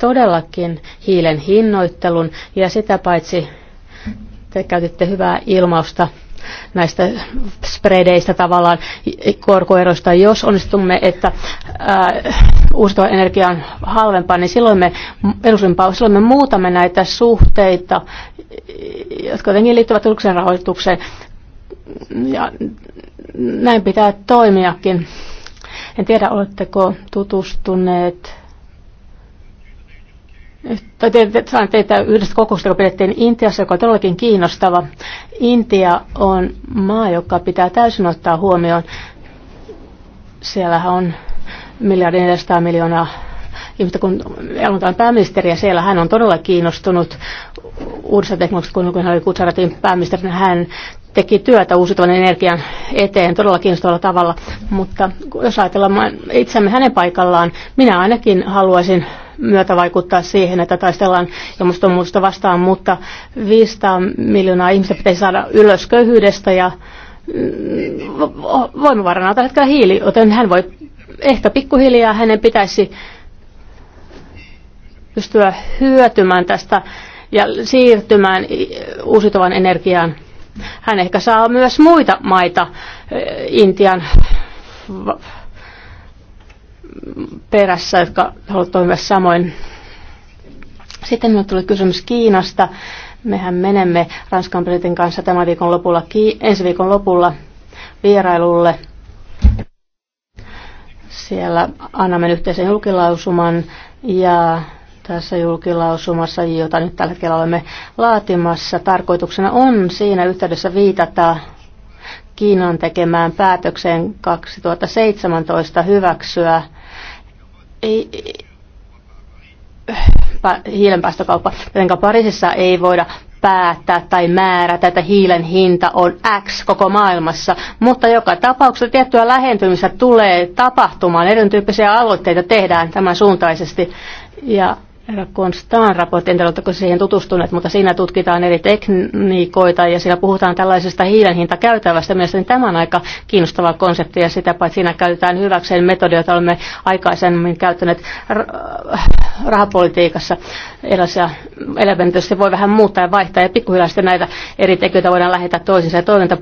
todellakin hiilen hinnoittelun ja sitä paitsi te käytitte hyvää ilmausta näistä spreadeistä tavallaan korkoeroista. Jos onnistumme, että äh, uusiutuvan energia on halvempaa, niin silloin me, edullisempaa, silloin me muutamme näitä suhteita, jotka jotenkin liittyvät julkisen rahoitukseen. Ja näin pitää toimiakin. En tiedä, oletteko tutustuneet sain teitä yhdestä kokouksesta, joka pidettiin Intiassa, joka on todellakin kiinnostava. Intia on maa, joka pitää täysin ottaa huomioon. Siellähän on miljardin 400 miljoonaa ihmistä, kun Elmantaan pääministeri, ja siellä hän on todella kiinnostunut uudesta teknologiasta, kun hän oli Kutsaratin pääministerinä, hän teki työtä uusiutuvan energian eteen todella kiinnostavalla tavalla. Mutta jos ajatellaan itsemme hänen paikallaan, minä ainakin haluaisin myötä vaikuttaa siihen, että taistellaan ilmastonmuutosta vastaan, mutta 500 miljoonaa ihmistä pitäisi saada ylös köyhyydestä ja mm, voimavarana on tällä hetkellä hiili, joten hän voi ehkä pikkuhiljaa hänen pitäisi pystyä hyötymään tästä ja siirtymään uusiutuvan energiaan. Hän ehkä saa myös muita maita eh, Intian perässä, jotka haluavat toimia samoin. Sitten minulle tuli kysymys Kiinasta. Mehän menemme Ranskan presidentin kanssa tämän viikon lopulla, ensi viikon lopulla vierailulle. Siellä annamme yhteisen julkilausuman ja tässä julkilausumassa, jota nyt tällä hetkellä olemme laatimassa, tarkoituksena on siinä yhteydessä viitata Kiinan tekemään päätökseen 2017 hyväksyä ei, äh, hiilenpäästökauppa, joten Pariisissa ei voida päättää tai määrätä, että hiilen hinta on X koko maailmassa, mutta joka tapauksessa tiettyä lähentymistä tulee tapahtumaan. Erityyppisiä aloitteita tehdään tämän suuntaisesti ja raportti, raportin, oletteko siihen tutustuneet, mutta siinä tutkitaan eri tekniikoita ja siinä puhutaan tällaisesta hiilen käytävästä, Mielestäni tämä on aika kiinnostava konsepti ja sitä paitsi siinä käytetään hyväkseen metodia, jota olemme aikaisemmin käyttäneet rahapolitiikassa. Erilaisia elementtejä voi vähän muuttaa ja vaihtaa ja pikkuhiljaa sitten näitä eri tekijöitä voidaan lähettää toisiinsa. Ja toiminta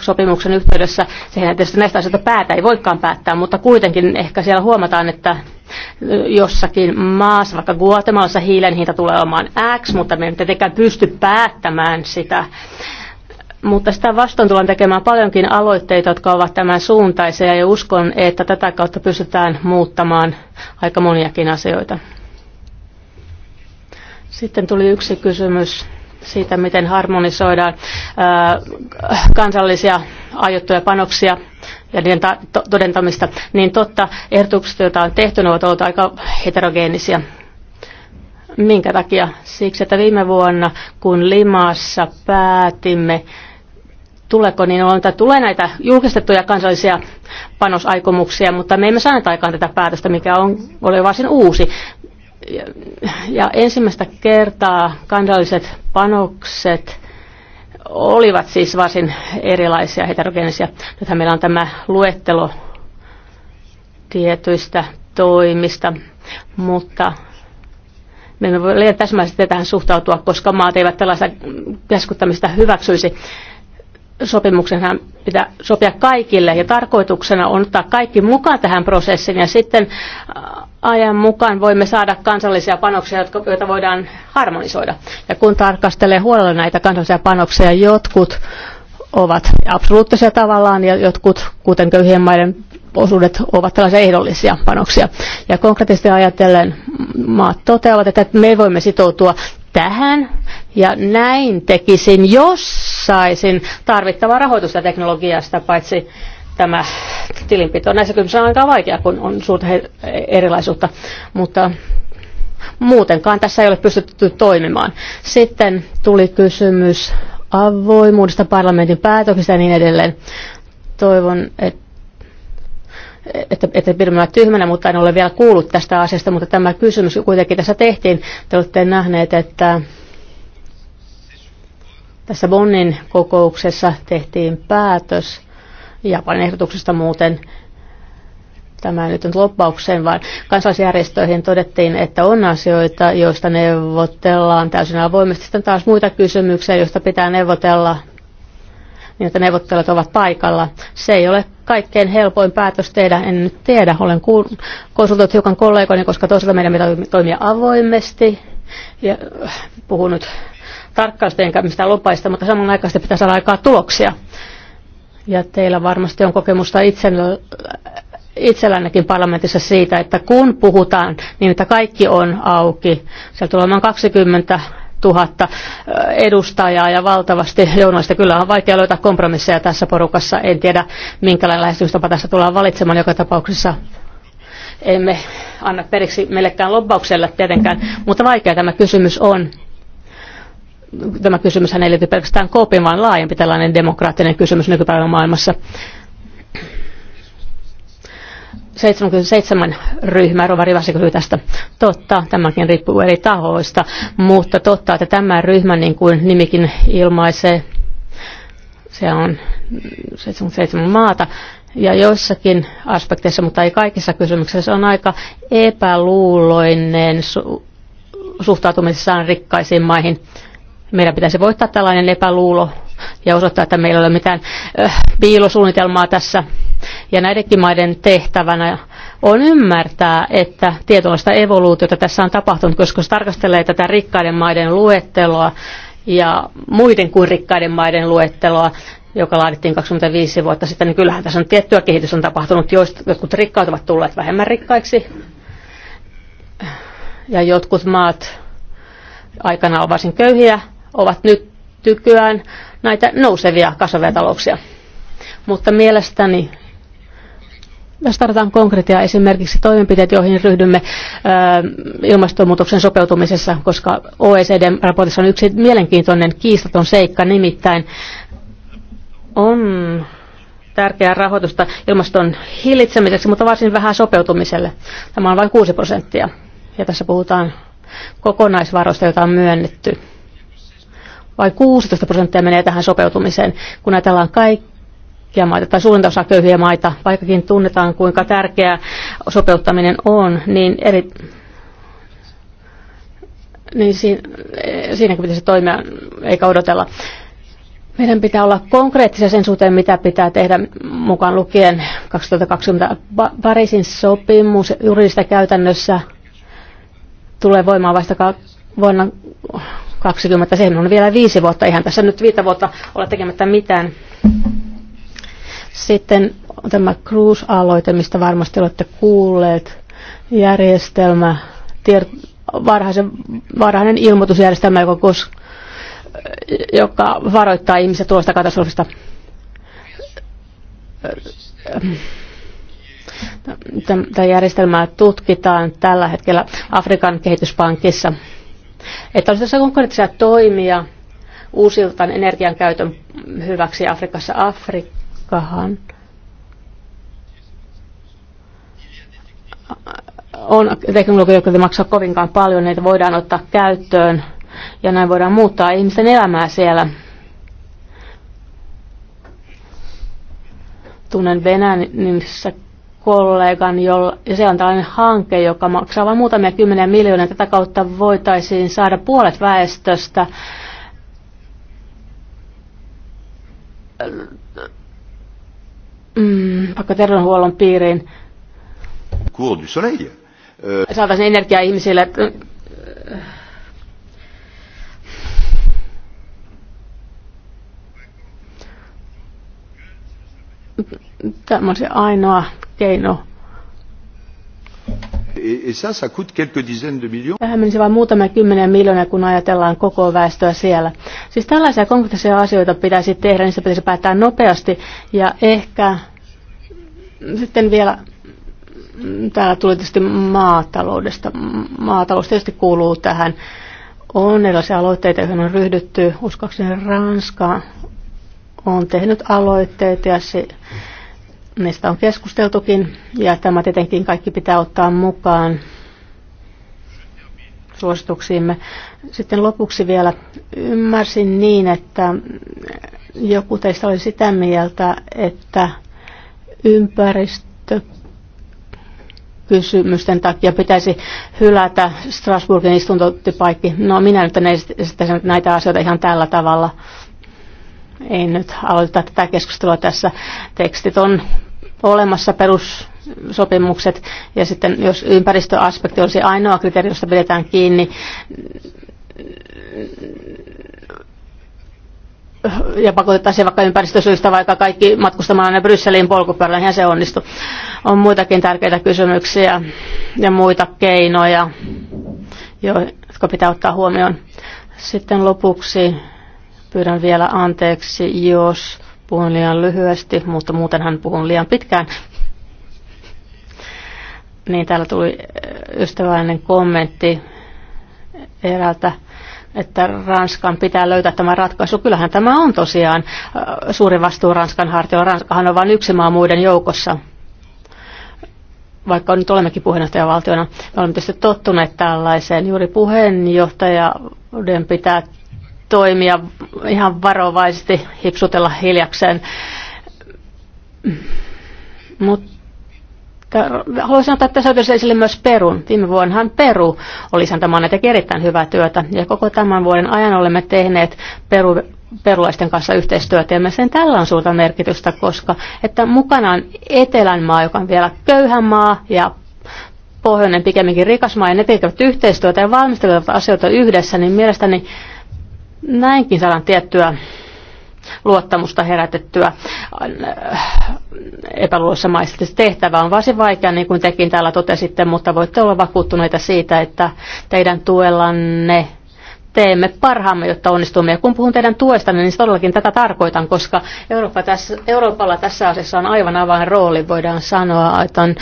sopimuksen yhteydessä, sehän tietysti näistä asioista päätä ei voikaan päättää, mutta kuitenkin ehkä siellä huomataan, että jossakin maassa, vaikka Guatemalassa hiilen hinta tulee olemaan X, mutta me ei tietenkään pysty päättämään sitä. Mutta sitä vastoin tullaan tekemään paljonkin aloitteita, jotka ovat tämän suuntaisia ja uskon, että tätä kautta pystytään muuttamaan aika moniakin asioita. Sitten tuli yksi kysymys siitä, miten harmonisoidaan kansallisia aiottuja panoksia ja niiden todentamista, niin totta, ehdotukset, joita on tehty, ne ovat olleet aika heterogeenisia. Minkä takia? Siksi, että viime vuonna, kun Limassa päätimme, tuleeko, niin on, että tulee näitä julkistettuja kansallisia panosaikomuksia, mutta me emme saaneet aikaan tätä päätöstä, mikä on, oli varsin uusi. Ja, ja ensimmäistä kertaa kansalliset panokset olivat siis varsin erilaisia, heterogeenisia. Nythän meillä on tämä luettelo tietyistä toimista, mutta me emme voi liian täsmällisesti tähän suhtautua, koska maat eivät tällaista keskuttamista hyväksyisi sopimuksenhan pitää sopia kaikille ja tarkoituksena on ottaa kaikki mukaan tähän prosessiin ja sitten äh, ajan mukaan voimme saada kansallisia panoksia, jotka, joita voidaan harmonisoida. Ja kun tarkastelee huolella näitä kansallisia panoksia, jotkut ovat absoluuttisia tavallaan ja jotkut, kuten köyhien maiden osuudet ovat tällaisia ehdollisia panoksia. Ja konkreettisesti ajatellen maat toteavat, että me voimme sitoutua tähän ja näin tekisin, jos saisin tarvittavaa rahoitusta teknologiasta, paitsi tämä tilinpito. Näissä kysymyksissä on aika vaikea, kun on suurta erilaisuutta, mutta muutenkaan tässä ei ole pystytty toimimaan. Sitten tuli kysymys avoimuudesta, parlamentin päätöksistä ja niin edelleen. Toivon, että että, että pidämme tyhmänä, mutta en ole vielä kuullut tästä asiasta, mutta tämä kysymys kuitenkin tässä tehtiin. Te olette nähneet, että tässä Bonnin kokouksessa tehtiin päätös Japanin ehdotuksesta muuten, tämä nyt on loppaukseen, vaan kansalaisjärjestöihin todettiin, että on asioita, joista neuvotellaan täysin avoimesti. Sitten taas muita kysymyksiä, joista pitää neuvotella niin että neuvottelut ovat paikalla. Se ei ole kaikkein helpoin päätös tehdä, en nyt tiedä. Olen konsultoinut hiukan kollegoni, koska toisaalta meidän pitää toimia avoimesti. Ja äh, puhun nyt tarkkaasti enkä mistään lupaista, mutta samanaikaisesti pitää saada aikaa tuloksia. Ja teillä varmasti on kokemusta itsellä, itsellännekin parlamentissa siitä, että kun puhutaan, niin että kaikki on auki. Siellä tulee olemaan 20 tuhatta edustajaa ja valtavasti journalista. Kyllä on vaikea löytää kompromisseja tässä porukassa. En tiedä, minkälainen lähestymistapa tässä tullaan valitsemaan joka tapauksessa. Emme anna periksi meillekään lobbaukselle tietenkään, mutta vaikea tämä kysymys on tämä kysymys ei liity pelkästään Koopin, vaan laajempi tällainen demokraattinen kysymys nykypäivän maailmassa. 77 ryhmä, Rovari Vasikö tästä. Totta, tämäkin riippuu eri tahoista, mutta totta, että tämä ryhmä, niin kuin nimikin ilmaisee, se on 77 maata, ja joissakin aspekteissa, mutta ei kaikissa kysymyksissä, se on aika epäluuloinen su- suhtautumisessaan rikkaisiin maihin. Meidän pitäisi voittaa tällainen epäluulo ja osoittaa, että meillä ei ole mitään äh, piilosuunnitelmaa tässä ja näidenkin maiden tehtävänä on ymmärtää, että tietynlaista evoluutiota tässä on tapahtunut, koska jos tarkastelee tätä rikkaiden maiden luetteloa ja muiden kuin rikkaiden maiden luetteloa, joka laadittiin 25 vuotta sitten, niin kyllähän tässä on tiettyä kehitys on tapahtunut. Jotkut rikkaat ovat tulleet vähemmän rikkaiksi ja jotkut maat aikana ovat varsin köyhiä, ovat nyt tykyään näitä nousevia kasvavia talouksia. Mutta mielestäni jos tarvitaan konkreettia esimerkiksi toimenpiteet, joihin ryhdymme ilmastonmuutoksen sopeutumisessa, koska OECD-raportissa on yksi mielenkiintoinen kiistaton seikka, nimittäin on tärkeää rahoitusta ilmaston hillitsemiseksi, mutta varsin vähän sopeutumiselle. Tämä on vain 6 prosenttia. Ja tässä puhutaan kokonaisvaroista, joita on myönnetty. Vai 16 prosenttia menee tähän sopeutumiseen, kun ajatellaan kaikki köyhiä maita tai suurinta osa köyhiä maita, vaikkakin tunnetaan kuinka tärkeää sopeuttaminen on, niin eri niin siinä, siinäkin pitäisi toimia eikä odotella. Meidän pitää olla konkreettisia sen suhteen, mitä pitää tehdä mukaan lukien 2020 Pariisin sopimus juridista käytännössä tulee voimaan vasta vuonna 2020. Sehän on vielä viisi vuotta. Ihan tässä nyt viittä vuotta olla tekemättä mitään. Sitten tämä Cruise-aloite, mistä varmasti olette kuulleet, järjestelmä, tier, varhaisen, varhainen ilmoitusjärjestelmä, joka, kos, joka varoittaa ihmisiä tuosta katastrofista. Tämä järjestelmää tutkitaan tällä hetkellä Afrikan kehityspankissa. Että olisi tässä konkreettisia toimia uusiltaan energian käytön hyväksi Afrikassa. Afrikka rahan on teknologia, joka ei maksaa kovinkaan paljon, niitä voidaan ottaa käyttöön ja näin voidaan muuttaa ihmisten elämää siellä. Tunnen Venäjänissä kollegan, jolla, ja se on tällainen hanke, joka maksaa vain muutamia kymmeniä miljoonia. Tätä kautta voitaisiin saada puolet väestöstä mm, pakkoterveydenhuollon piiriin. Cours du soleil. Euh, Saataisiin energiaa ihmisille. Tämä on se ainoa keino Tähän menisi vain muutamia kymmeniä miljoonia, kun ajatellaan koko väestöä siellä. Siis tällaisia konkreettisia asioita pitäisi tehdä, niin, se pitäisi päättää nopeasti. Ja ehkä sitten vielä, täällä tuli tietysti maataloudesta. Maatalous tietysti kuuluu tähän. On erilaisia aloitteita, joihin on ryhdytty. Uskoakseni Ranska on tehnyt aloitteita ja se, mistä on keskusteltukin ja tämä tietenkin kaikki pitää ottaa mukaan suosituksiimme. Sitten lopuksi vielä ymmärsin niin, että joku teistä oli sitä mieltä, että ympäristö kysymysten takia pitäisi hylätä Strasbourgin istuntotipaikki. No minä nyt en esittäisi näitä asioita ihan tällä tavalla. Ei nyt aloiteta tätä keskustelua tässä. Tekstit on olemassa sopimukset ja sitten jos ympäristöaspekti olisi ainoa kriteeri, josta pidetään kiinni, ja pakotettaisiin vaikka ympäristösyistä vaikka kaikki matkustamaan ne Brysseliin polkupyörällä, niin se onnistu. On muitakin tärkeitä kysymyksiä ja muita keinoja, jotka pitää ottaa huomioon. Sitten lopuksi Pyydän vielä anteeksi, jos puhun liian lyhyesti, mutta muutenhan puhun liian pitkään. Niin täällä tuli äh, ystävällinen kommentti eräältä että Ranskan pitää löytää tämä ratkaisu. Kyllähän tämä on tosiaan äh, suuri vastuu Ranskan hartioilla. Ranskahan on vain yksi maa muiden joukossa. Vaikka nyt olemmekin puheenjohtajavaltiona, me olemme tietysti tottuneet tällaiseen. Juuri puheenjohtajan pitää toimia ihan varovaisesti, hipsutella hiljakseen. Mutta haluaisin ottaa tässä yhteydessä esille myös Perun. Viime vuonnahan Peru oli isäntämaana teki erittäin hyvää työtä ja koko tämän vuoden ajan olemme tehneet Peru, perulaisten kanssa yhteistyötä ja sen tällä on suurta merkitystä, koska että mukana on etelän maa, joka on vielä köyhä maa ja pohjoinen pikemminkin rikas maa ja ne tekevät yhteistyötä ja valmistelevat asioita yhdessä, niin mielestäni Näinkin saadaan tiettyä luottamusta herätettyä äh, epäluulossa maissa. Tehtävä on varsin vaikea, niin kuin tekin täällä totesitte, mutta voitte olla vakuuttuneita siitä, että teidän tuellanne teemme parhaamme, jotta onnistumme. Ja kun puhun teidän tuestanne, niin todellakin tätä tarkoitan, koska Eurooppa tässä, Euroopalla tässä asiassa on aivan rooli Voidaan sanoa, että on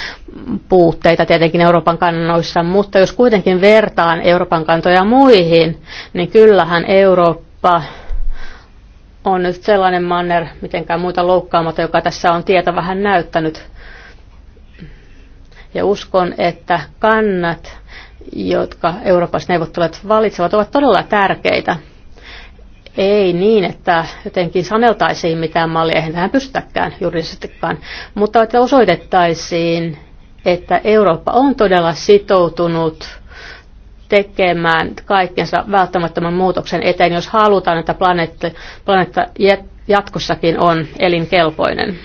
puutteita tietenkin Euroopan kannoissa, mutta jos kuitenkin vertaan Euroopan kantoja muihin, niin kyllähän Eurooppa on nyt sellainen manner, mitenkään muuta loukkaamatta, joka tässä on tietä vähän näyttänyt. Ja uskon, että kannat jotka Euroopassa neuvottelut valitsevat, ovat todella tärkeitä. Ei niin, että jotenkin saneltaisiin mitään mallia, eihän tähän pystytäkään juridisestikaan, mutta että osoitettaisiin, että Eurooppa on todella sitoutunut tekemään kaikkensa välttämättömän muutoksen eteen, jos halutaan, että planeetta, planeetta jatkossakin on elinkelpoinen.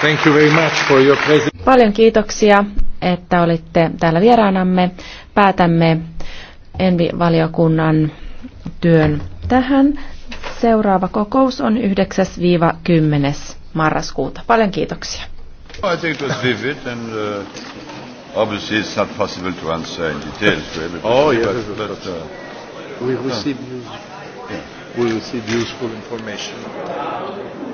Thank you very much for your Paljon kiitoksia että olitte täällä vieraanamme. Päätämme Envi-valiokunnan työn tähän. Seuraava kokous on 9-10. marraskuuta. Paljon kiitoksia. I think it was vivid and uh, obviously it's not possible to answer in detail to everybody. Oh, yes, but, but, uh, we received, we received useful information.